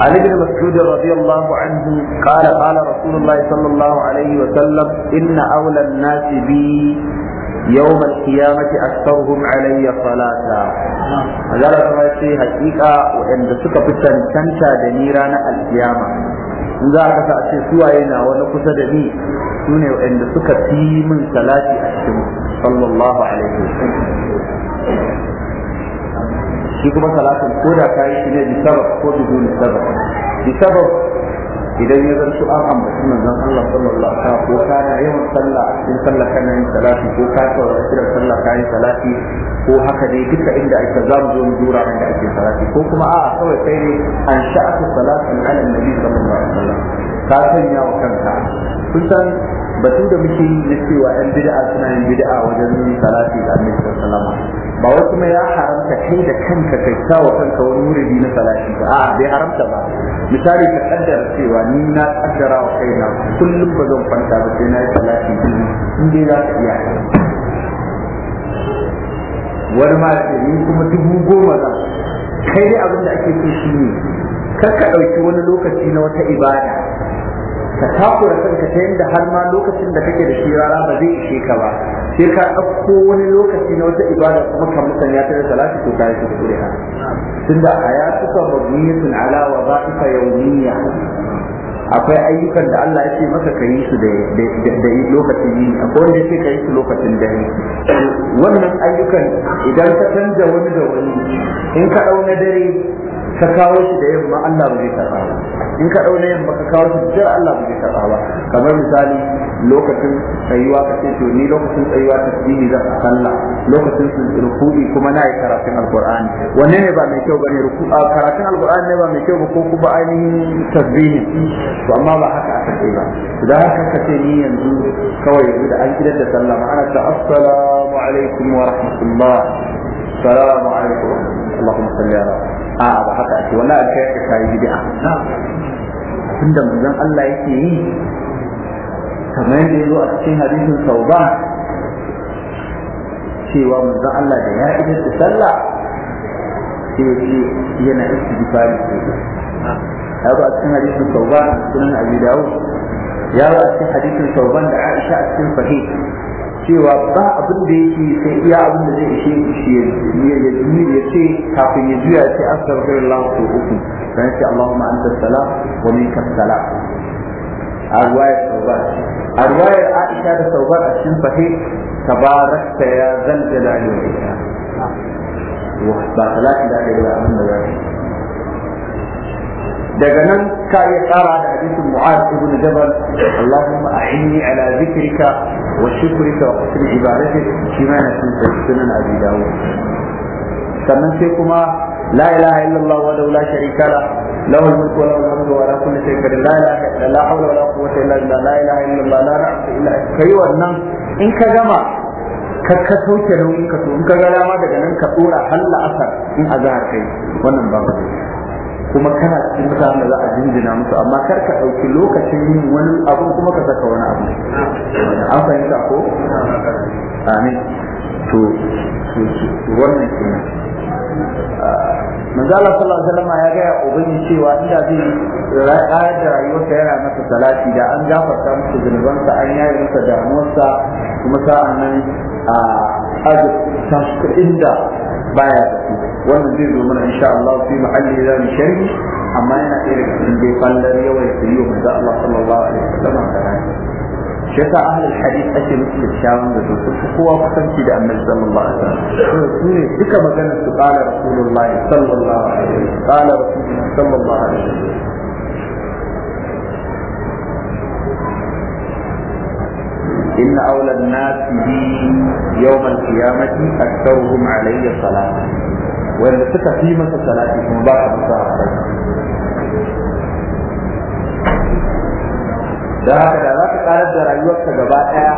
عن ابن مسعود رضي الله عنه قال قال رسول الله صلى الله عليه وسلم إن أولى الناس بي يوم القيامة أكثرهم علي صلاة هذا ما يصير حقيقة وإن سكة تنشا دنيران القيامة za ka sa a ce suwaye na wani kusa da ni su ne waɗanda suka fi min salati a cikin sallallahu alaihi wasallam shi kuma salatin ko da kayi shi ne bisabab ko bidun sabab bisabab idan ya zanto an ambaci manzon Allah sallallahu alaihi wasallam ko na yawan sallah a cikin sallah kana yin salati ko ka ta kiran sallah ka yi salati ko haka dai duka inda ake za mu zo mu dura inda ake salati ko kuma a'a kawai sai ne an sha'atu salatin ala nabi sallallahu alaihi wasallam ka sanya wa kanka kun san batu da muke yi na cewa yan bid'a suna yin bid'a wajen yin salati da annabi sallallahu alaihi wasallam ba wai kuma ya haramta kai da kanka kai sawa kanka wani muridi na salati ba a'a bai haramta ba misali ka kaddara cewa ni na kaddara wa kaina kullum ba zan kwanta ba sai na yi salati biyu in dai za ka iya wani ma ce ni kuma dubu goma zan kai dai abin da ake so shi ne kar ka ɗauki wani lokaci na wata ibada ka takura kanka ta yadda har ma lokacin da kake da shi rana ba zai ishe ka ba sai ka ɗauko wani lokaci na wata ibada kuma kan musanya ta da salati ko ka yi shi kure ha tunda hayatuka mabniyatun ala wa yawmiyya akwai ayyukan da Allah ya ce maka ka yi su da lokacin yi akwai wanda ya ce su lokacin da yi wannan ayyukan idan ka canza wani da wani in ka ɗau na dare ka kawo shi da yamma Allah ba zai karɓa ba in ka ɗauna yamma ka kawo shi da Allah ba zai karɓa ba kamar misali lokacin tsayuwa ka ce to ni lokacin tsayuwa tasbihi zan a sallah lokacin ruku'i kuma na yi karatun alqur'ani wanne ne ba mai kyau bane ruku'a karatun alqur'ani ne ba mai kyau ba ko kuma ainihin tasbihi to amma ba haka aka ce ba da haka ka ce ni yanzu kawai yanzu da an gidan da sallah ma'ana ta assalamu alaikum wa rahmatullah السلام عليكم اللهم صل على a'a ba haka ake wannan alkai ka kai bid'a tunda manzon Allah yake yi kamar yadda yazo a cikin hadisin sauba cewa manzon Allah da ya idan da sallah sai yana istighfari ya zo a cikin hadisin sauba sunan abu Dawud ya zo a cikin hadisin sauban da Aisha a cikin sahih cewa ba abin da yake sai iya abin da zai ishe shi ya yi ya ce kafin ya juya ce astaghfirullah ko uku dan ce Allahumma anta salam wa minka salam a ruwayar saubar a ruwayar Aisha da saubar a cikin sahih tabarakta ya zalzala ne ba salati da ake da abin da zai daga nan ka iya tsara da hadisin mu'az ibn jabal allahumma a'inni ala zikrika wa shukrika wa husni ibadatik shi ma yana sunan abi dawud sannan sai kuma la ilaha illallah wa la sharika la له الملك وله الحمد وعلى كل شيء قدير لا اله الا لا حول ولا قوه الا بالله لا اله الا الله لا نعبد الا انت كي wannan in ka gama ka ka sauke nauyin ka to in ka ga dama daga nan ka dora halla asar in azhar kai wannan ba ba kuma kana cikin mutanen da za a jinjina musu amma kar ka ɗauki lokacin yin wani abu kuma ka saka wani abu an fahimta ko amin to wannan kenan ah, manzo Allah sallallahu alaihi wasallam ya ga ubangi cewa inda zai ra'ayar da rayuwarsa yana masa salati da an gafarta masa sa an yaye masa damuwarsa kuma sa'an nan a ah, azurta inda baya da su wannan zai zo mana insha Allah fi mahalli da ni sharhi amma yana ɗaya daga cikin fallar yawa da yi wa da Allah sallallahu alaihi wasallam da rani shi yasa ahlul hadith ake musu da shawun da su su kowa kusanci da annabi sallallahu alaihi wasallam su ne duka maganar su qala rasulullahi sallallahu alaihi wasallam qala rasulullahi sallallahu alaihi wasallam إن أولى الناس بي يوم القيامة أكثرهم علي الصلاة وإن تك في مسا صلاة مباحة مساعدة da haka da za ka karar da rayuwarka gaba ɗaya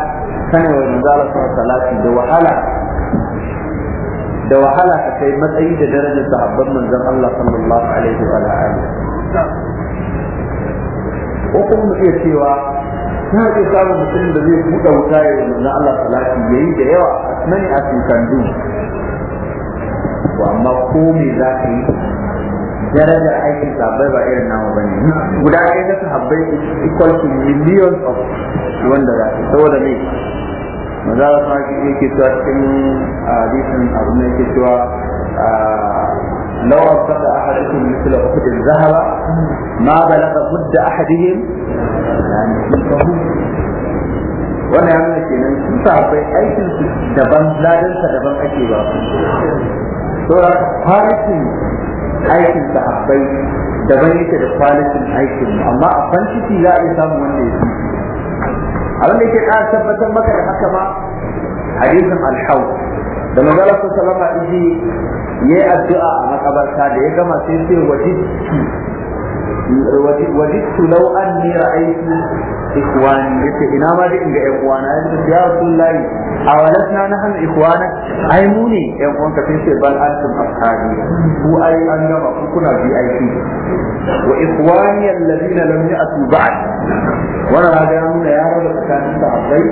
sanin wa manzala sama salati da wahala da wahala ka kai matsayi da darajar sahabban manzon Allah sallallahu alaihi wa alihi ko kuma iya cewa ta ke samun mutum da zai buɗe wuta ya yi na Allah salati ya yi da yawa mani a cikin to amma ko me za ka yi darajar aikin sabai ba irin namu ba ne guda ɗaya na sahabbai equal to millions of wanda za ka saboda ne maza da sa ke cewa cikin hadisin abu ne ke cewa ah, لو أنفق أحدكم مثل أحد ذهبا ما بلغ مد أحدهم wani ya nuna kenan sun sabai aikin su daban ladansa daban ake ba so da kwalitin aikin sahabbai daban yake da kwalitin aikin amma a fanciki za a iya samun wanda ya fi abin da yake ƙara tabbatar maka da haka ba, hadisin alhau da manzala sun salama iji ya yi addu'a a makabarta da ya gama sai sai wajen wajidtu law anni ra'aytu ikhwani yace ina ma dai inga ƴan uwana yace ya rasulullahi awalatna nahnu ai mu ne sai ce bal antum ashabi ku ai an gama ku kuna VIP wa ikhwani alladhina lam ya'tu ba'd wannan hada ya nuna ya raba tsakanin sahabbai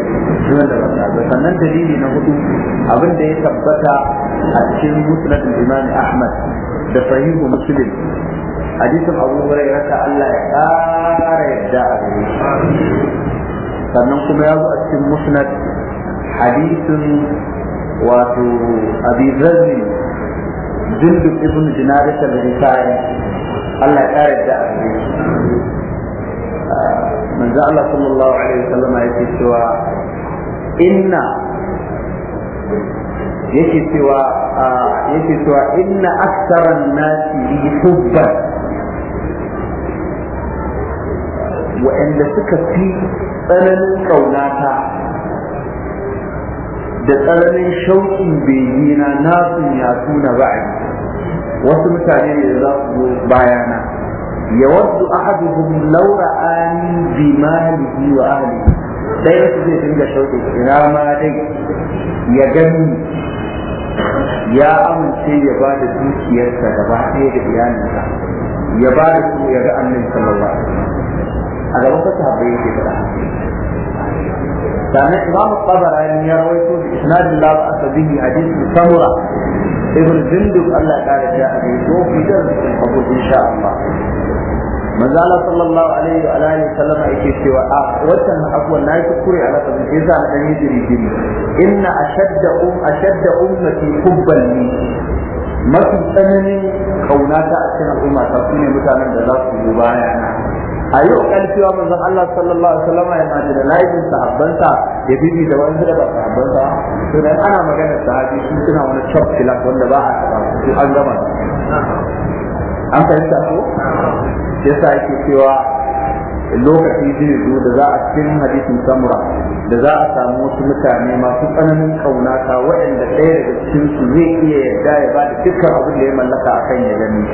da da sahabbai sannan dalili na hudu ya tabbata a cikin musnad imam da sahihu hadisin abu hurairah ta Allah ya ƙara yadda a gare sannan kuma ya zo a cikin musnad hadisin wato abi zarri jundub ibn dinarika da rikaya Allah ya ƙara yadda a gare ah, manzo Allah sallallahu alaihi wasallam yake cewa inna yake cewa ah, yake cewa inna aktsaran nasi hubban waɗanda suka fi tsananin ƙaunata da tsananin shauƙin begina na sun yasu na ba'ai wasu mutane ne za su zo bayana wasu ahaduhum laura ani bi malihi wa ahlihi ɗaya su zai dinga shauƙi ina ma dai ya gani ya amince ya ba da dukiyarsa gaba ɗaya da iyalinsa ya ba da su ya ga annabi sallallahu alaihi wasallam a gaban wasu habbai yake fada sannan imamu tabarani ya rawaito da isnadin la ba'sa a hadithu samura ibn jundub Allah ya kare shi a gare ko fitar da kabul insha Allah manzala sallallahu alaihi wa alihi sallama yake cewa a watan abuwa na yi kure a lafazin sai za a dan yi dirigiri inna ashadda um ashadda ummati hubban mafi tsananin kaunata a cikin al'umma ta sune mutanen da za su yi na. a yi ƙoƙari cewa manzon Allah sallallahu alaihi wasallam ya mace da laifin sahabbansa ya bibi da wani da ba sahabbansa to dan ana magana sahabi su suna wani chop kila wanda ba a taba su an gama an kai fahimta ko yasa yake cewa lokaci zai zo da za a cikin hadisin samura da za a samu wasu mutane masu tsananin kaunata waɗanda ɗaya daga cikin su zai iya yarda ya ba da dukkan abin da ya mallaka akan ya gani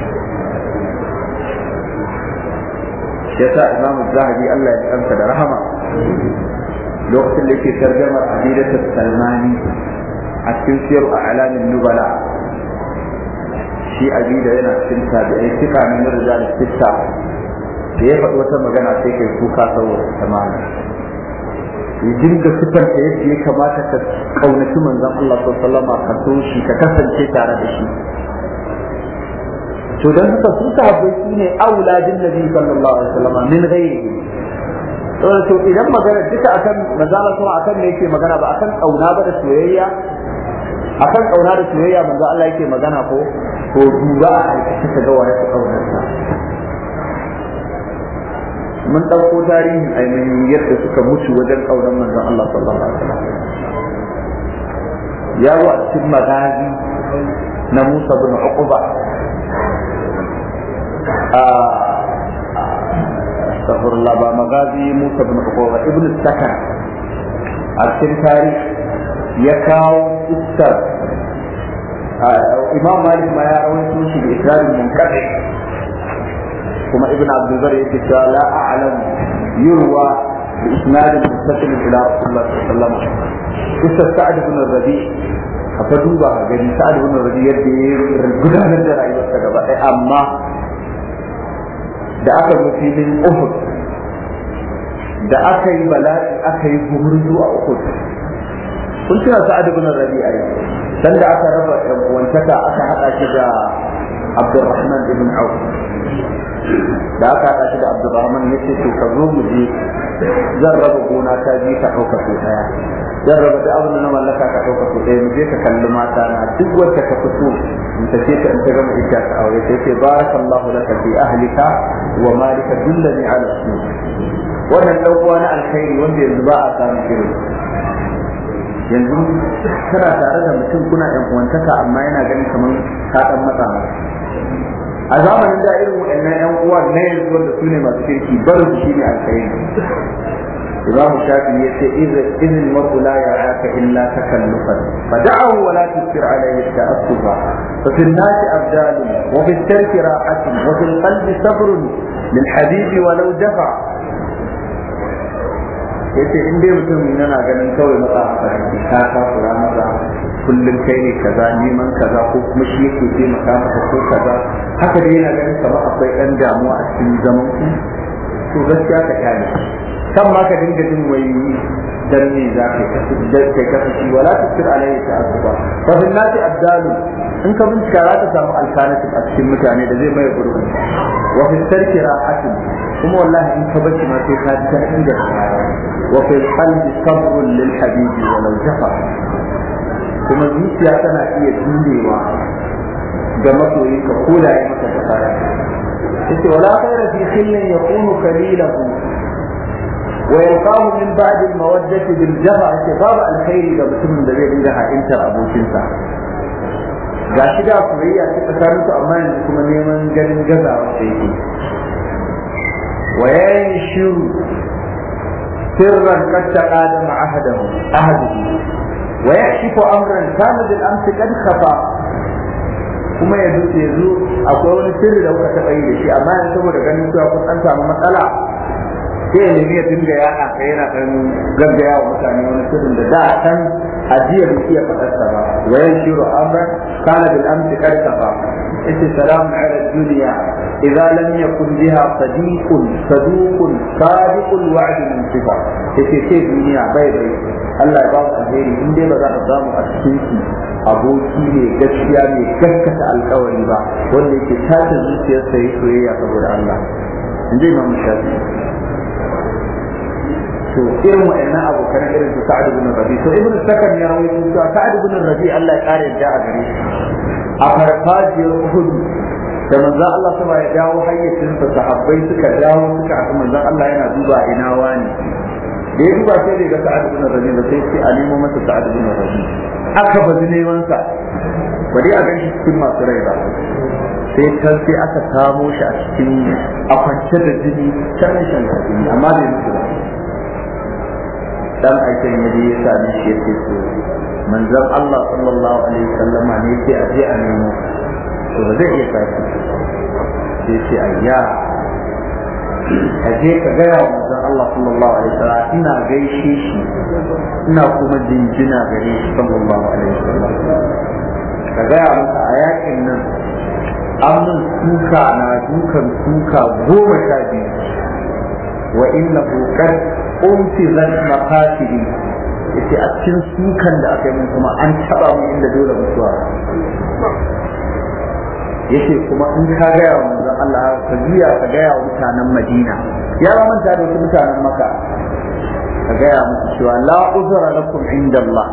yasa imamu zahabi Allah ya kansa da rahama lokacin da yake tarjamar hadidatu salmani a cikin siyar a alamin nubala shi abida yana cikin tabi'ai kika ne na rijal sitta da ya faɗi wata magana sai kai kuka saboda samani ya dinga sifanta yadda ya kamata ka kaunaci manzan Allah sallallahu alaihi wasallam ka so ka kasance tare da shi شو ده انت اولاد النبي صلى الله عليه وسلم من غيره شو اذا ما قالت جيت اكن ما زال صلى الله عليه وسلم ما قالت اكن او نابة سويرية اكن او نابة سويرية من قال لك ما قالت هو هو دوباء كيف دوباء او نابة من تلقوا تاريخ اي من يدرس كمش وجل او لما قال الله صلى الله عليه وسلم يا وقت المغازي نموسى بن عقبه astaghfirullah ba magazi Musa bin Uqba ibn Sakar a tarihi ya kawo iskar Imam Malik ma ya rawaito shi da ikrarin munkadi kuma Ibn Abdul Bar yake cewa la a'lam yurwa bi isnadin muttasil ila Rasulullah sallallahu alaihi wasallam iskar Sa'd bin Rabi' ka duba gani Sa'd bin Rabi' yadda ya gudanar da rayuwarsa gaba ɗaya amma da aka zo filin uhud da aka yi bala'i aka yi gumurzu a uhud kun tuna sa'ad ibn rabi'a dan da aka raba yan uwantaka aka hada shi da abdurrahman ibn auf da aka hada shi da abdurrahman ce to ka zo mu je zan raba gona ta ji ta dauka ko daya zan raba da abin da na mallaka ka dauka ko daya mu je ka kalli mata na duk wacce ka fito in ta ce ta in ta gama ita ka aure sai ce barakallahu laka fi ahlika wa malika dullani ala su wannan dan uwa na alkhairi wanda yanzu ba a samu shirin yanzu kana tare da mutum kuna yan uwantaka amma yana gani kamar ka dan matsa a zamanin da irin waɗannan yan uwa na yanzu wanda sune masu kirki barin su ne alkhairi إمام الشافعي يقول إذا إذ المرء لا يعاك إلا تكلفا فدعه ولا تكثر عليه التأسف ففي الناس أبدال وفي الترك راحة وفي القلب صبر للحبيب ولو دفع yace in dai mutum yana ganin kawai matsa a sarki ka takura masa kullum kai ne kaza neman kaza ko kuma shi yake taimaka maka ko kaza haka dai yana ganin kamar akwai ɗan damuwa a cikin zaman ku to gaskiya ka kyale kan ma ka dinga jin wayoyi dan ne za kai kasance wala tukir alayhi ta'assuba fa fil nasi abdalu in ka bincika za ka samu alternative a cikin mutane da zai mai gurbin wa fil tarki rahatun kuma wallahi in ka bacci ma sai ka ji daɗi da wa fil qalbi sabrun lil habibi wa law jafa kuma zuciya tana iya ga ka ya maka da kaya yace wala ويلقاه من بعد المودة بالجفا اتفاق الخير ga mutumin da zai dinga ha'intar abokinsa ga da soyayya ta tsakanin amma yanzu kuma neman ganin gazawa da yake wa yanshu sirran qad taqadama ahadahu ahadahu wa yakshifu amran kana bil amsi qad khafa kuma yanzu yanzu akwai wani sirri da kuka taɓa yi da shi amma saboda ganin cewa kun an matsala zai ya nemi ya dinga ya ɗanka yana ɗan gaggaya wa mutane wani tudun da da ɗan ajiyar bai iya faɗarsa ba wa yan shiru amra kana bil amsi ba ita salamu ala duniya idza lam yakun biha sadiqun sadiqun sadiqul wa'd min sifa yace ce duniya bai bai Allah ya ba mu alheri in dai ba za ka samu a cikin ki aboki ne gaskiya ne gaskata alkawari ba wanda yake tace zuciyarsa yi soyayya saboda Allah in dai ma mu shafi to irin waɗannan abokan irin su sa'ad ibn rabi to ibn sakan ya rawaito cewa sa'ad ibn rabi Allah ya kare da a gare shi a farfajiyar uhud da manzon Allah sama ya dawo hayyacin sa sahabbai suka dawo suka aka manzon Allah yana duba ina wani da ya duba sai da ga sa'ad ibn rabi da sai sai a nemo masa sa'ad ibn rabi aka bazu neman sa bari a ganshi cikin masu rai ba sai can sai aka samo shi a cikin a kwance da jini can shan jini amma bai mutu ba dan aikin ya je ya sami shi ya ce to manzon Allah sallallahu alaihi wasallama ne yake aje a nemo to ba zai iya tashi sai ce ayya ka je ka gaya wa manzon Allah sallallahu alaihi wasallam ina gaishe shi ina kuma jinjina gare shi sallallahu alaihi wasallam ka gaya masa a yakin nan an mun suka na dukan suka goma sha biyu wa innahu qad umfizat ya ce a cikin sukan da aka yi mun kuma an taba mu inda dole mutuwa ce kuma in ka gaya wa manzon Allah ka juya ka gaya wa mutanen Madina ya ba manta da wasu mutanen maka? ka gaya musu cewa la uzra lakum inda Allah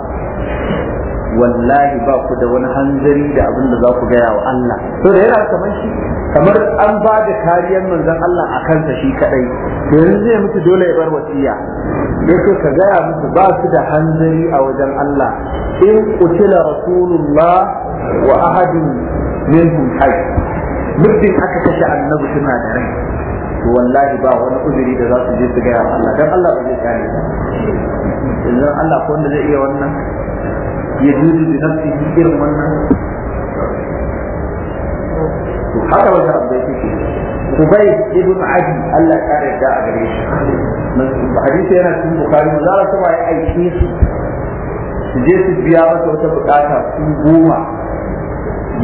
wallahi ba ku da wani hanzari da abin da za ku gaya wa Allah to da yana kamar shi kamar an ba da kariyar manzon Allah a kansa shi kadai to yanzu zai mutu dole ya bar wasiya yake ka gaya musu ba su da hanzari a wajen Allah in qutila rasulullah wa ahadun minhum hayy muddin aka kashe annabi suna da rai to wallahi ba wani uzuri da za su je su gaya wa Allah dan Allah ba zai kare ba idan Allah ko wanda zai iya wannan يجوز بنفسه irin wannan to haka wani abu da yake Ubay ibn Adi Allah ya kare da a gare shi hadisi yana cikin Bukhari za a saba ya su je su biya masa wata bukata su goma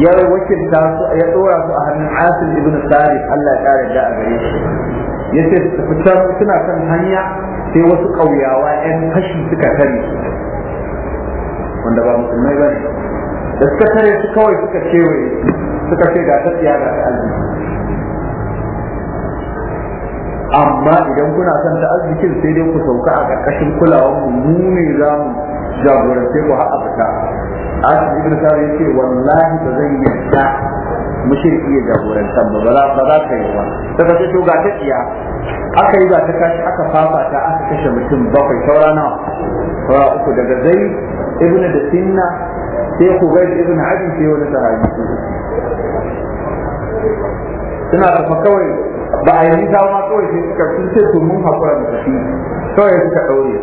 ya wakilta su ya dora a hannun Asim ibn Salih Allah ya da a gare shi yace su fitar suna kan hanya sai wasu ƙauyawa 'yan fashi suka tare wanda ba musulmai ba ne da suka tare su kawai suka kewaye suka ce ga ta tsiya ga ta amma idan kuna son ta arzikin sai dai ku sauka a ƙarƙashin kulawar mu mu ne za mu jagorance ku har a fita Aisha Ibn Sari ce wallahi ba zan yi yarda mushriki ya jagorantar ba ba za ta yi ba daga sai to ga ta tsiya aka yi ga ta kashi aka fafata aka kashe mutum bakwai saura nawa saura uku daga zai ibnu da sinna sai ku gaji ibn abi sai wani sahabi suna tafa kawai ba a yi nisa kawai sai suka sun ce to mun hakura da shi kawai suka daure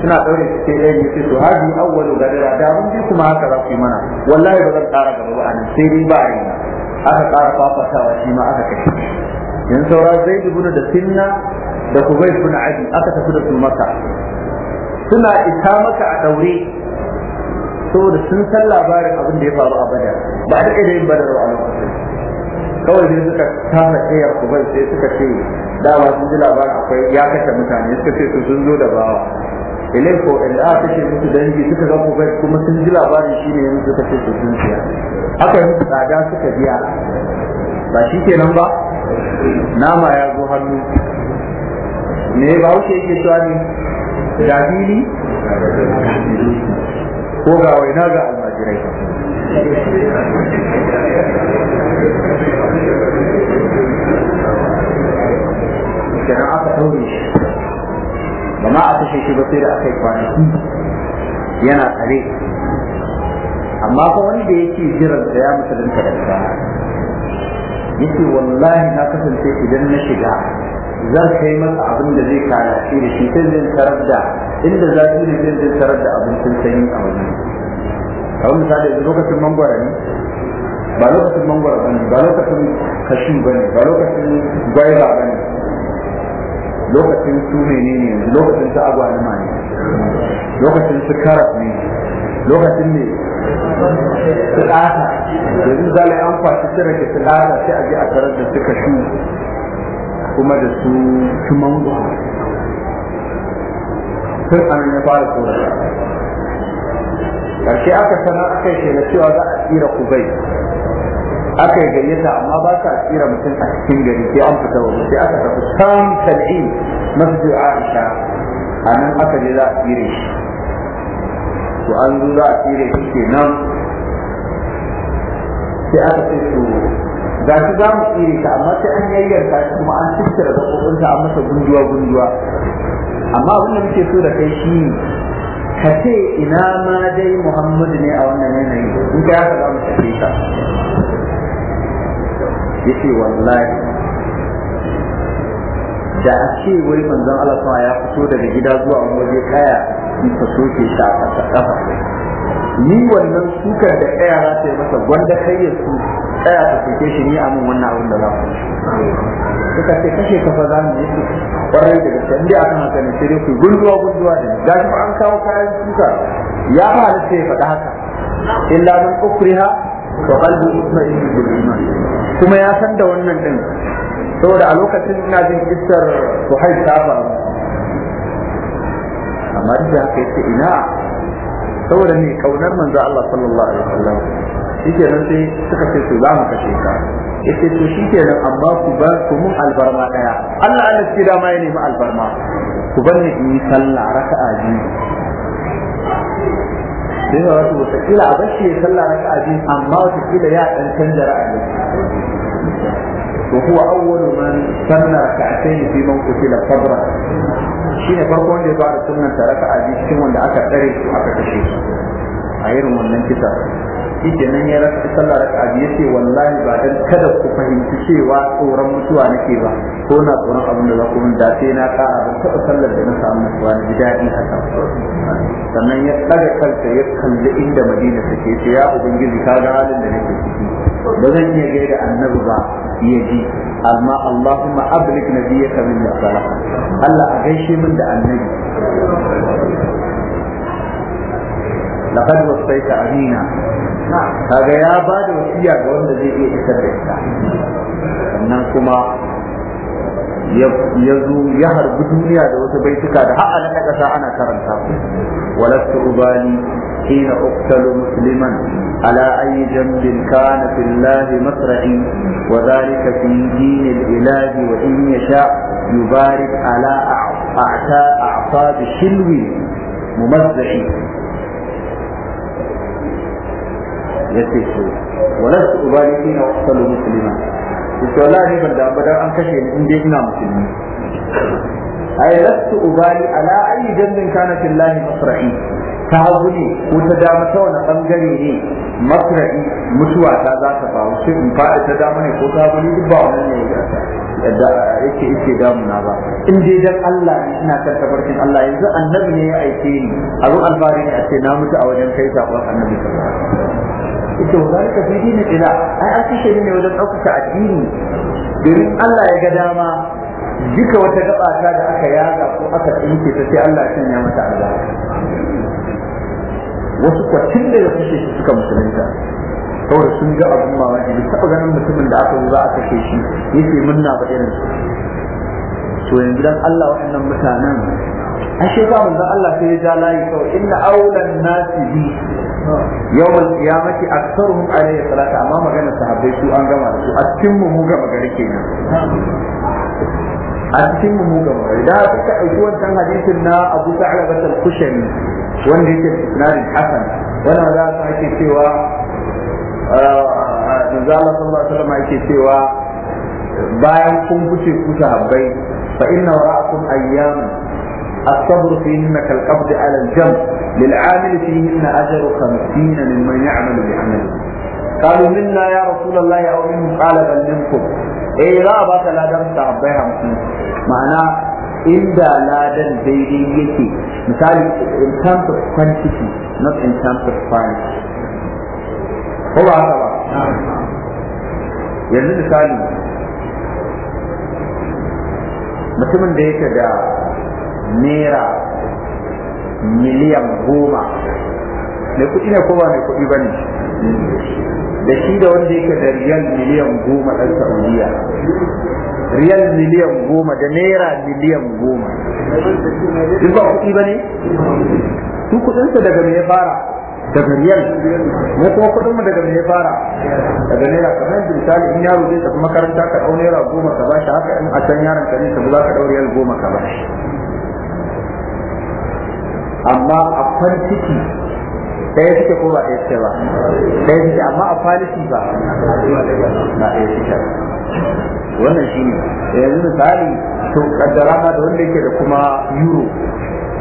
suna ɗaure su sai ɗaya yace to hadi awwalu gadara da mun bi kuma haka za ku yi mana wallahi ba zan ƙara gaba ba a nan, sai dai ba yi aka ƙara fafatawa shi ma aka kashe Yan saura zai dubuna da sinna da kubai suna aji, aka tafi da su maka suna isa maka a daure saboda sun san labarin abin da ya faru a bada, ba a daɗe da yin badar a lokacin kawai sai suka tara tsayar kubai sai suka ce dama sun ji labarin akwai ya kashe mutane suka ce su sun zo da bawa ilai ko da aka ce musu dangi suka ga kuma kuma sun ji labarin shi ne yanzu suka ce sun siya aka yi tsada suka biya ba shi ke nan ba nama ya zo hannu me ba wuce yake cewa ne ga ko ga waina ga almajirai kenan aka tauri shi ba ma a kashe shi ba sai da aka yi kwanaki yana tsare amma fa wanda yake jiran da ya musulunta da ta yake wallahi na kasance idan na shiga zan kai masa abin da zai kara shi da shi sai zai tarar da inda za su yi zai zai tarar da sun sanyi a wajen kamar misali da lokacin mangwara ne ba lokacin mangwara ba ne ba lokacin kashin ba ne ba lokacin gwaiba ba ne lokacin su ne yanzu lokacin su agwaluma ne lokacin su karas ne lokacin ne su ɗata yanzu yi an kwashi su rage su ɗata sai a je a tarar da suka shu kuma da su su mango sun anan ya fara tsoron karshe aka sanar aka yi cewa za a tsira kubai aka yi gayyata amma ba ka tsira mutum a cikin gari sai an fita wa sai aka tafi can sal'i masjid Aisha a nan aka je za a tsire shi to an zo za a tsire shi kenan sai aka ce to ga shi za mu tsire shi amma sai an yayyanka shi kuma an tattara da kokunta an masa gunduwa gunduwa amma abin da muke so da kai shi ka ce ina ma dai Muhammadu ne a wannan yanayi in ka ya za mu tafi ka yake wallahi da a ce wai manzon Allah sama ya fito daga gida zuwa wani waje kaya in ka soke shi a ƙasa ƙafa ni wannan sukar da kaya za ta yi masa gwanda kai ya su kaya ta soke shi ni a mun wannan abin da za ku suka ce kashe kafa za mu yi kwarai da gaske inda aka haka ne sai dai ku gunduwa gunduwa da ga shi an kawo kayan suka ya fa halitta ya faɗa haka illa man ukriha wa qalbu mutma'innin bil iman kuma ya san da wannan din saboda a lokacin ina jin kissar suhaib ta faru amma duk da haka yace ina saboda ne kaunar manzo Allah sallallahu alaihi wasallam yake nan sai suka ce su za mu kashe ka yake to ke nan amma ku ba ku mun albarma daya Allah Allah shi da ma ya nemi albarma ku bani ni sallah raka'a biyu sai da wasu wataƙila a bashi ya sallah na ka'abi amma wataƙila ya ɗan canja ra'ayi وهو أول من سنى ركعتين في من قتل صبرا shine farko da ya fara sunan taraka a cikin wanda aka tsare su aka kashe a irin wannan kisa shi kenan ya rasa sallah raka abi yace wallahi ba dan kada ku fahimci cewa tsoron mutuwa nake ba ko na tsoron abin da za ku da sai na kara ban taɓa sallar da na samu mutuwa na ji daɗi haka sannan ya ɗaga kansa ya kalli inda madina take ce ya ubangiji ka ga halin da nake ciki ba zan iya gaida annabi ba ya ji amma allahumma ablik nabiyyaka min nasara Allah a gaishe min da annabi laqad wasaita amina kaga ya bada da wasiya ga wanda zai iya isar da ita sannan kuma ya zo ya harbi duniya da wasu baituka da har na kasa ana karanta ku walastu ubali حين أقتل مسلما على أي جنب كان في الله مصرعي وذلك في دين الإله وإن يشاء يبارك على أعصاب الشلو ممزعي ya ce su wani su ubali ina wasalu muslima su ce wallahi ban da abadan an kashe ni inda ina musulmi ay su ubari, ala ayi jannin kana fillahi masra'i ta hagu ne ko ta dama ta wani bangare ne masra'i mutuwa ta za ta faru sai in faɗi ta dama ne ko ta hagu ne duk ba wani ne ya gasa da yake yake damuna ba in dai dan Allah ina kan tabarkin Allah yanzu annabi ne ya aike ni a ruwan alfari ne a ce na mutu a wajen kai sakon annabi ita wa zalika fi dini ila ai an kashe ne wajen ɗaukaka addini domin Allah ya ga dama duka wata gaba ta da aka yaga ko aka tsinke ta sai Allah ya sanya mata albarka wasu kwatin da ya su suka musulunta saboda sun ga abin mamaki bai taɓa ganin mutumin da aka yi za a kashe shi yake munna ba irin to yanzu dan Allah waɗannan mutanen ashe ba manzo Allah sai ya ja layi kawai inna aulan nasi bi yawmal qiyamati aktsaruhum alayhi salata amma magana sahabbai su an gama da su a cikin mu mu gama gari kenan a cikin mu mu gama gari da aka ɗauki wancan hadisin na Abu Sa'labah al-Kushani wanda yake da isnadin hasan wannan za ka ake cewa manzala sallallahu alaihi yake cewa bayan kun fice ku sahabbai fa inna wara'akum ayyam الصبر فيهن كالقبض على الجنب للعامل فيهن اجر خمسين ممن يعمل بعمله قالوا منا يا رسول الله او منهم قال بل منكم eh za a baka ladan sahabbai hamsin ma'ana inda ladan daidai yake misali in terms of quantity not in terms of ko ba haka ba yanzu misali mutumin da yake da naira miliyan goma mai kuɗi ne ko ba mai kuɗi ba ne da shi da wanda yake da riyal miliyan goma ɗan saudiya riyal miliyan goma da naira miliyan goma duk ba kuɗi ba ne su kuɗinsa daga me ya fara daga riyal mu kuma kudin mu daga ne fara daga naira kamar yadda misali in yaro zai tafi makaranta ka dau naira goma ka bashi haka in a can yaron ka ne ka za ka dau riyal goma ka bashi amma a ciki ɗaya suke ko ba ɗaya suke ba ɗaya suke amma a kwaliti ba na ɗaya suke wannan shi ne, yanzu misali to kaddara ma da wanda yake da kuma euro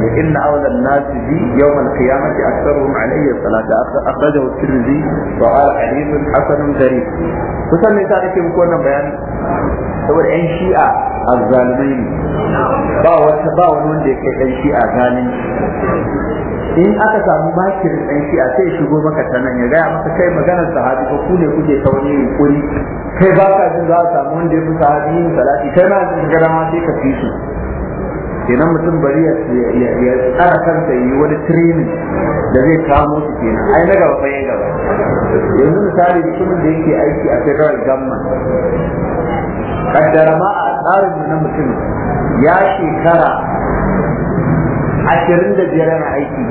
Inna إن أولى الناس بي يوم القيامة أكثرهم علي الصلاة أخرجه الترمذي وقال حديث حسن غريب kusan ne tare ke muku wannan bayani saboda yan shi'a azzalumai ne ba wata ba wanda ya kai yan shi'a zalunci in aka samu makirin yan shi'a sai ya shigo maka ta nan ya gaya maka kai maganar sahabi ko ku ne kuke ta wani yunkuri kai ba ka jin za a samu wanda ya fi sahabi yin salati kai ma yanzu ka gama sai ka fi kenan mutum bari ya tsara kansa yi wani training da zai kamo su kenan ai na gaba fayin gaba yanzu misali mutumin da yake aiki a federal government kaddara ma a tsarin na mutum ya shekara ashirin da biyar yana aiki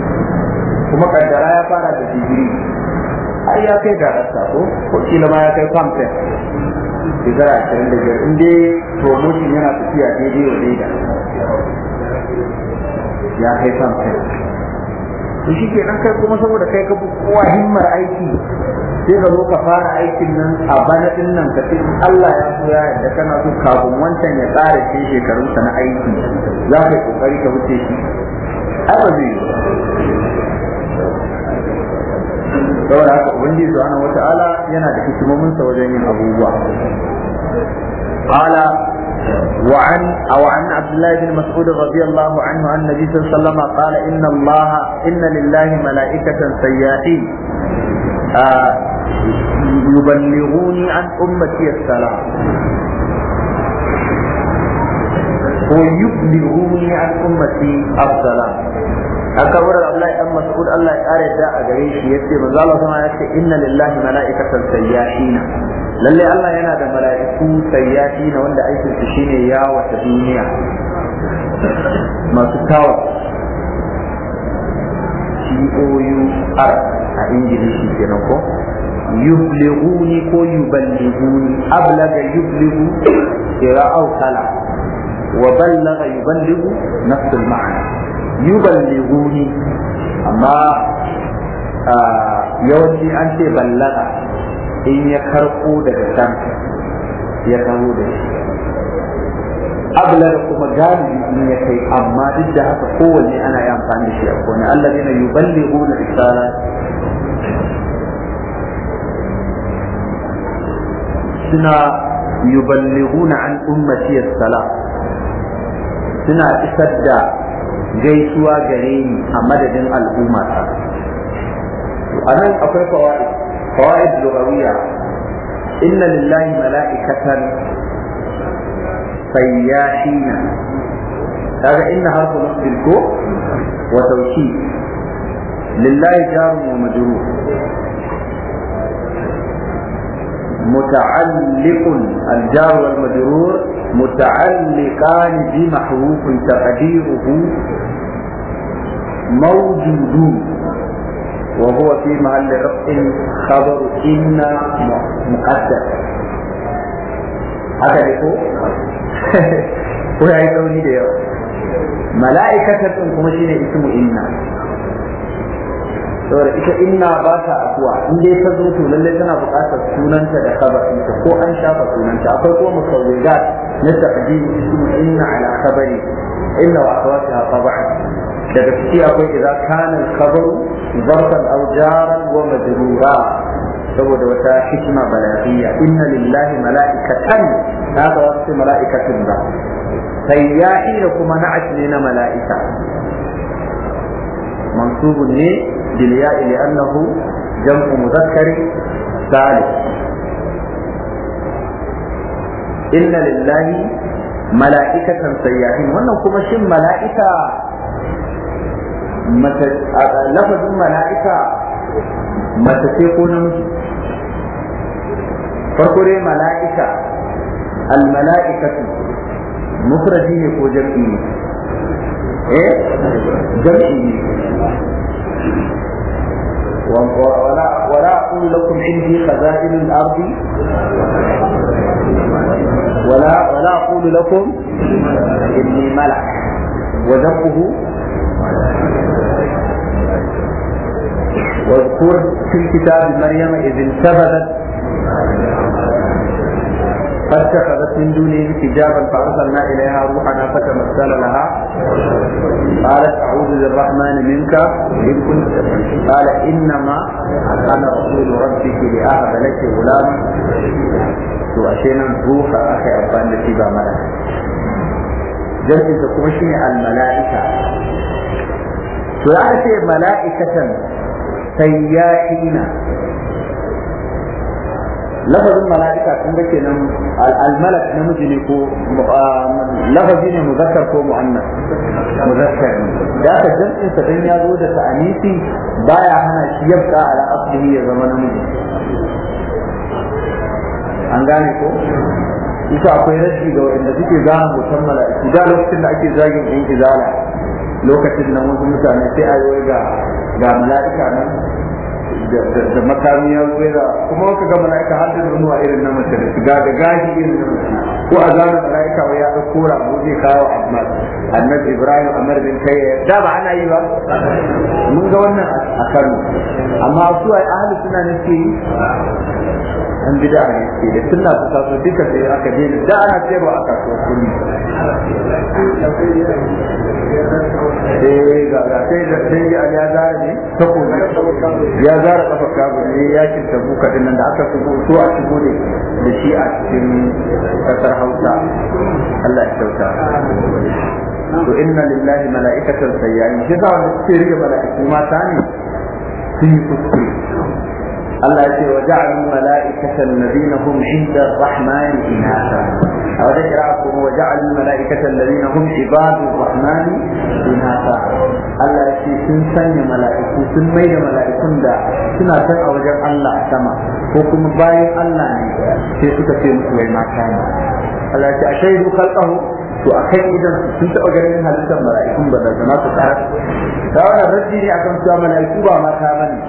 kuma kaddara ya fara da digiri ai ya kai darasta ko ko kila ma ya kai kwamfet shekara ashirin da biyar in dai promotion yana tafiya daidai wa daida ya kai kan kai to shi ke nan kai kuma saboda kai ka kowa himmar aiki sai ka zo ka fara aikin nan a bana din nan ka in Allah ya so ya yarda kana so kafin wancan ya tsara shi shekarunsa na aiki za ka yi kokari ka wuce shi ai ba zai yi saboda haka ubangiji subhanahu wata'ala yana da hikimomin sa wajen yin abubuwa qala وعن او عن عبد الله بن مسعود رضي الله عنه عن النبي صلى الله عليه وسلم قال ان الله ان لله ملائكه سيئين آه يبلغوني عن امتي السلام ويبلغوني عن امتي السلام an karbar da Abdullahi dan Mas'ud Allah ya kare yadda a gare shi yace manzo Allah sama yace inna lillahi malaikatan sayyahina lalle Allah yana da mala'iku sayyahina wanda aikin su shine ya wata duniya masu tawa T-O-U-R a Ingilishi kenan ko yublighuni ko yuballighuni ablaga yublighu qira'u kala wa ballaga yuballighu nafsul ma'ana yuballighuni amma yawanci an ce ballaga in ya karko daga can ya kawo da shi ablar kuma galibi in ya kai amma duk da haka kowanne ana yi amfani da shi a kone Allah ne yuballighuna risala suna yuballighuna an ummati as-salam suna isar da gaisuwa gare ni a madadin al'umma ta a nan akwai fawaid fawaid lugawiyya inna lillahi mala'ikatan sayyahina kaga inna harfu nasbin ko wa tawki lillahi jarum wa majrur متعلق الجار والمجرور متعلقان بمحروف تقديره موجود وهو في محل رفع خبر إن مقدر هذا يقول وهي توني ديو ملائكة تكون شيء اسم إنا طيب، سورة إن باتا أقوى إن دي تزوتوا للي سنة بقاسة سنة خبر إن تقوى أنشاء فسنة أنشاء فسنة مصوّجات نتقديم اسم إن على خبري إن وأخواتها طبعا daga ciki akwai idza kana al zartan zarfan aw jaran wa majrura saboda wata hikima balaghiya inna lillahi mala'ikatan ga wasu mala'ikatin ba sayyahi da kuma na'at ne na mala'ika mansubun ne bil ya'i annahu jam'u mudhakkar salim inna lillahi mala'ikatan sayyahin wannan kuma shin mala'ika lafazin mala'ika mace ce ko namiji farko dai mala'ika al-mala'ikatu mufradi ne ko jam'i ne eh jam'i ne ولا ولا اقول لكم عندي خزائن الارض ولا ولا أقول لكم إني ملك وذبه واذكر في الكتاب مريم إذ انتبذت فاتخذت من دونه حجابا فارسلنا اليها روحنا فتمثل لها قالت اعوذ بالرحمن منك ان كنت قال انما انا رسول ربك لاهب لك غلاما واشينا روح اخي ابان لك با ملك جلسة kuma shine al-mala'ika to ya ce mala'ikatan sayyahina lafazin mala'ika sun ga kenan al-malak namiji ne ko ah, lafazi ne muzakkar ko mu'annas muzakkar da ka jam'in sa dan ya zo da ta'anisi baya hana shi yabka ala aslihi ya zama namiji an gane ko ita akwai rashi ga wanda suke gane hoton mala'iku da lokacin da ake zagin yan izala lokacin da wasu mutane sai a yi ga ga mala'ika nan da makami ya kuma ka ga mala'ika har da zuwa irin na mace ga da gashi irin na mace ko a zama mala'ika wa ya ga kora mu zai kawo Ahmad annabi Ibrahim Amr bin Kayya da ba ana yi ba mun ga wannan a Kano amma su ai ahli suna nake an bida ne ke da sunna su taso duka sai aka daina da ana cewa a kasuwar sunni eh ga ga sai da sai ya ya zara ne ta ya zara kafa kabu ne ya kinta buka din nan da aka shigo su a shigo ne da shi a cikin kasar Hausa Allah ya kyauta to inna lillahi mala'ikatan sayyahin shi ga wanda suke rike mala'iku mata ne sun yi kuskure Allah ya ce wa ja'alu mala'ikatan ladina hum 'inda ar-rahman inasa a wajen kira kuma wa ja'alu mala'ikatan ladina hum ibadu ar-rahman inasa Allah ya ce sun sanya mala'iku sun mai da mala'ikun da suna san a wajen Allah sama ko kuma bayan Allah ne sai suka ce musu wai mata ne Allah ya ce a shaidu khalqahu to a kai idan sun taɓa ganin halittar mala'ikun ba da zama su tsara ta wannan raddi ne akan cewa mala'iku ba mata ba ne.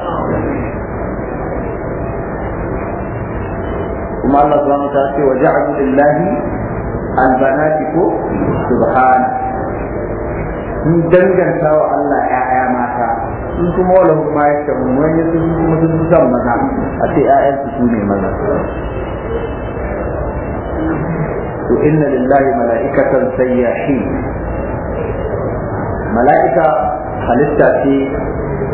kuma Allah subhanahu wa ta'ala ce wa ja'alu lillahi albanati ko subhana sun danganta wa Allah ya'ya mata sun kuma wala kuma ya ce mun wani sun kuma sun san maza a ce ya'yan su su ne maza to inna lillahi mala'ikatan sayyahin mala'ika halitta ce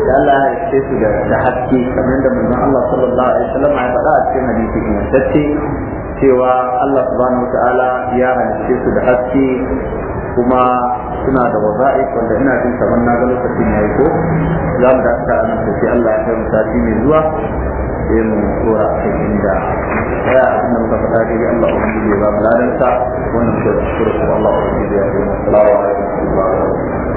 da Allah ya ce su da haske kamar da manzon Allah sallallahu alaihi wasallam ya faɗa a cikin hadisi ingantacce cewa Allah subhanahu wataala ya halice su da haske kuma suna da waza'i wanda ina jin kamar na ga lokacin yayi ko za mu dakata a nan sai Allah ya kai mu sati mai zuwa sai mu tsora a kan inda ya abin da muka faɗa dai Allah ubangiji ya ba mu ladan sa wannan shi da shukuru Allah ubangiji ya yi mu salamu alaikum wa rahmatullahi wa barakatuh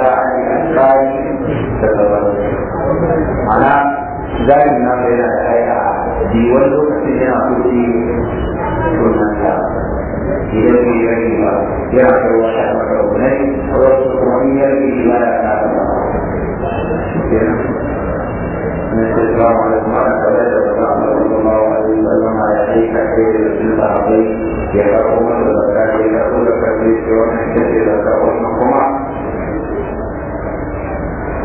عن الأشرار تتبرر معناه ذلك ما بين الآية دي والوقت اللي نقول كنا يدعو إليه يعفو ويعفو إليه ويصدق أن يلقي ما لا تعلم السلام عليكم ورحمة الله وسلم على شيخ خير الجنس العظيم يتقوم بالبركات يقول كبير ومن كثير تقوم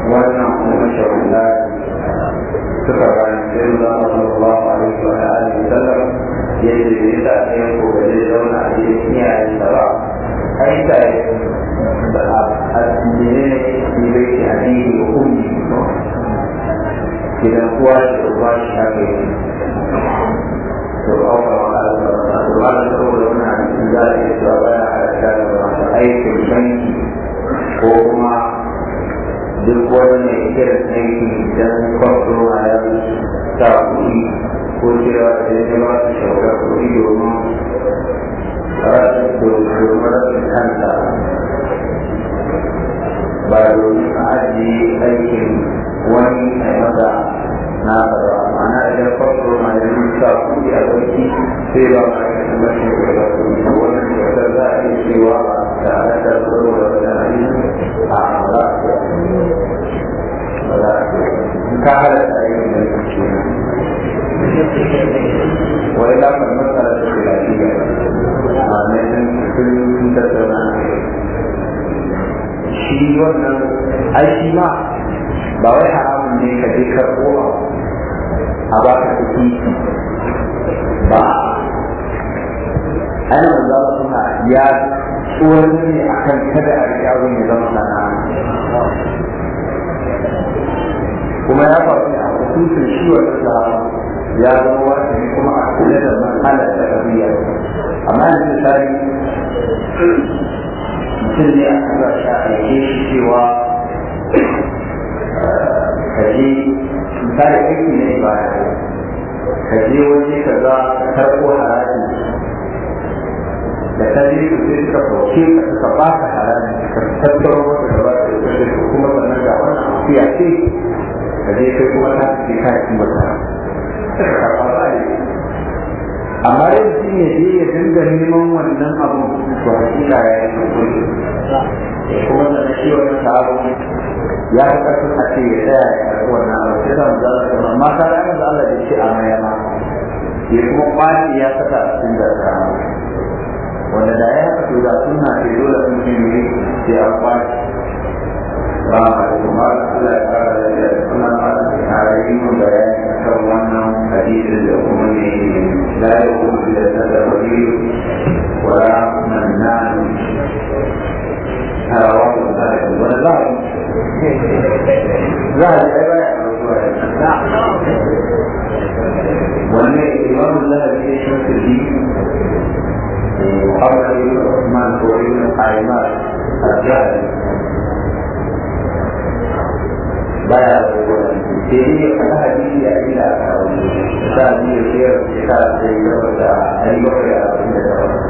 wannan kuma shawara suka bayanci da sallallahu alaihi wa alihi sallam yadda ya sa sai ko da zai zauna a cikin iyayen sa ba ai sai da a cikin ne bai ki addini ko kuma idan kuwa da uwa shi haka yi to kawo ma Allah subhanahu wa ta'ala wannan da ya tsara a cikin aikin banki ko kuma duk wani irin aiki don kwakwaro a yan sa kuɗi ko cewa da ya ba su shauka kuɗi domin rashin kanta ba domin a ajiye aikin wani a maza na ba ma'ana idan kwakwaro a yan sa kuɗi a ɗauki sai ba ma yi mashi shauka kuɗi wannan shauka za a iya cewa ba كعلى تأييد المسلمين وإلى المسألة الخلافية من كل تسمع شيء وأن أي ما بوي حرام ne ka je karɓo a baka kuɗi ba ana manzo Allah kuma ya tsoron ne akan kada a riƙe abin ya zama sana'a kuma ya faru ne a hukuncin shi wa ya zama wajibi kuma a kula da matsala da tafiya amma da misali mutum ne a kasa shi a yake shi cewa kaje misali aiki ne ba kaje waje kaza ka karɓo harajin da ta je su sai suka kauce ka suka ba ka haraji ka tattaro maka da ba ka yi kuma sannan ga wannan ya ce ka je kai kuma ta ce ka yi karɓa ba ne amma yanzu shi ne je ya dinga neman wannan abu to hakika ya yi kuma na shi wannan sabo ya fi ƙarfin a ce ya tsaya ya karɓi wannan abu sai mu zala kuma amma ka ranar da Allah ya ce a mayama ya kuma kwaci ya saka a cikin wanda da ya haka da suna ke dole sun ba a kuma Allah ya fara da ya suna fara da tarihi mun bayani kan wannan hadisin da kuma ne la ya kuma da sadar wani wala mannan harawa da wani za a yi sha biyu biyar shekara ta yi gaba da ɗari a cikin da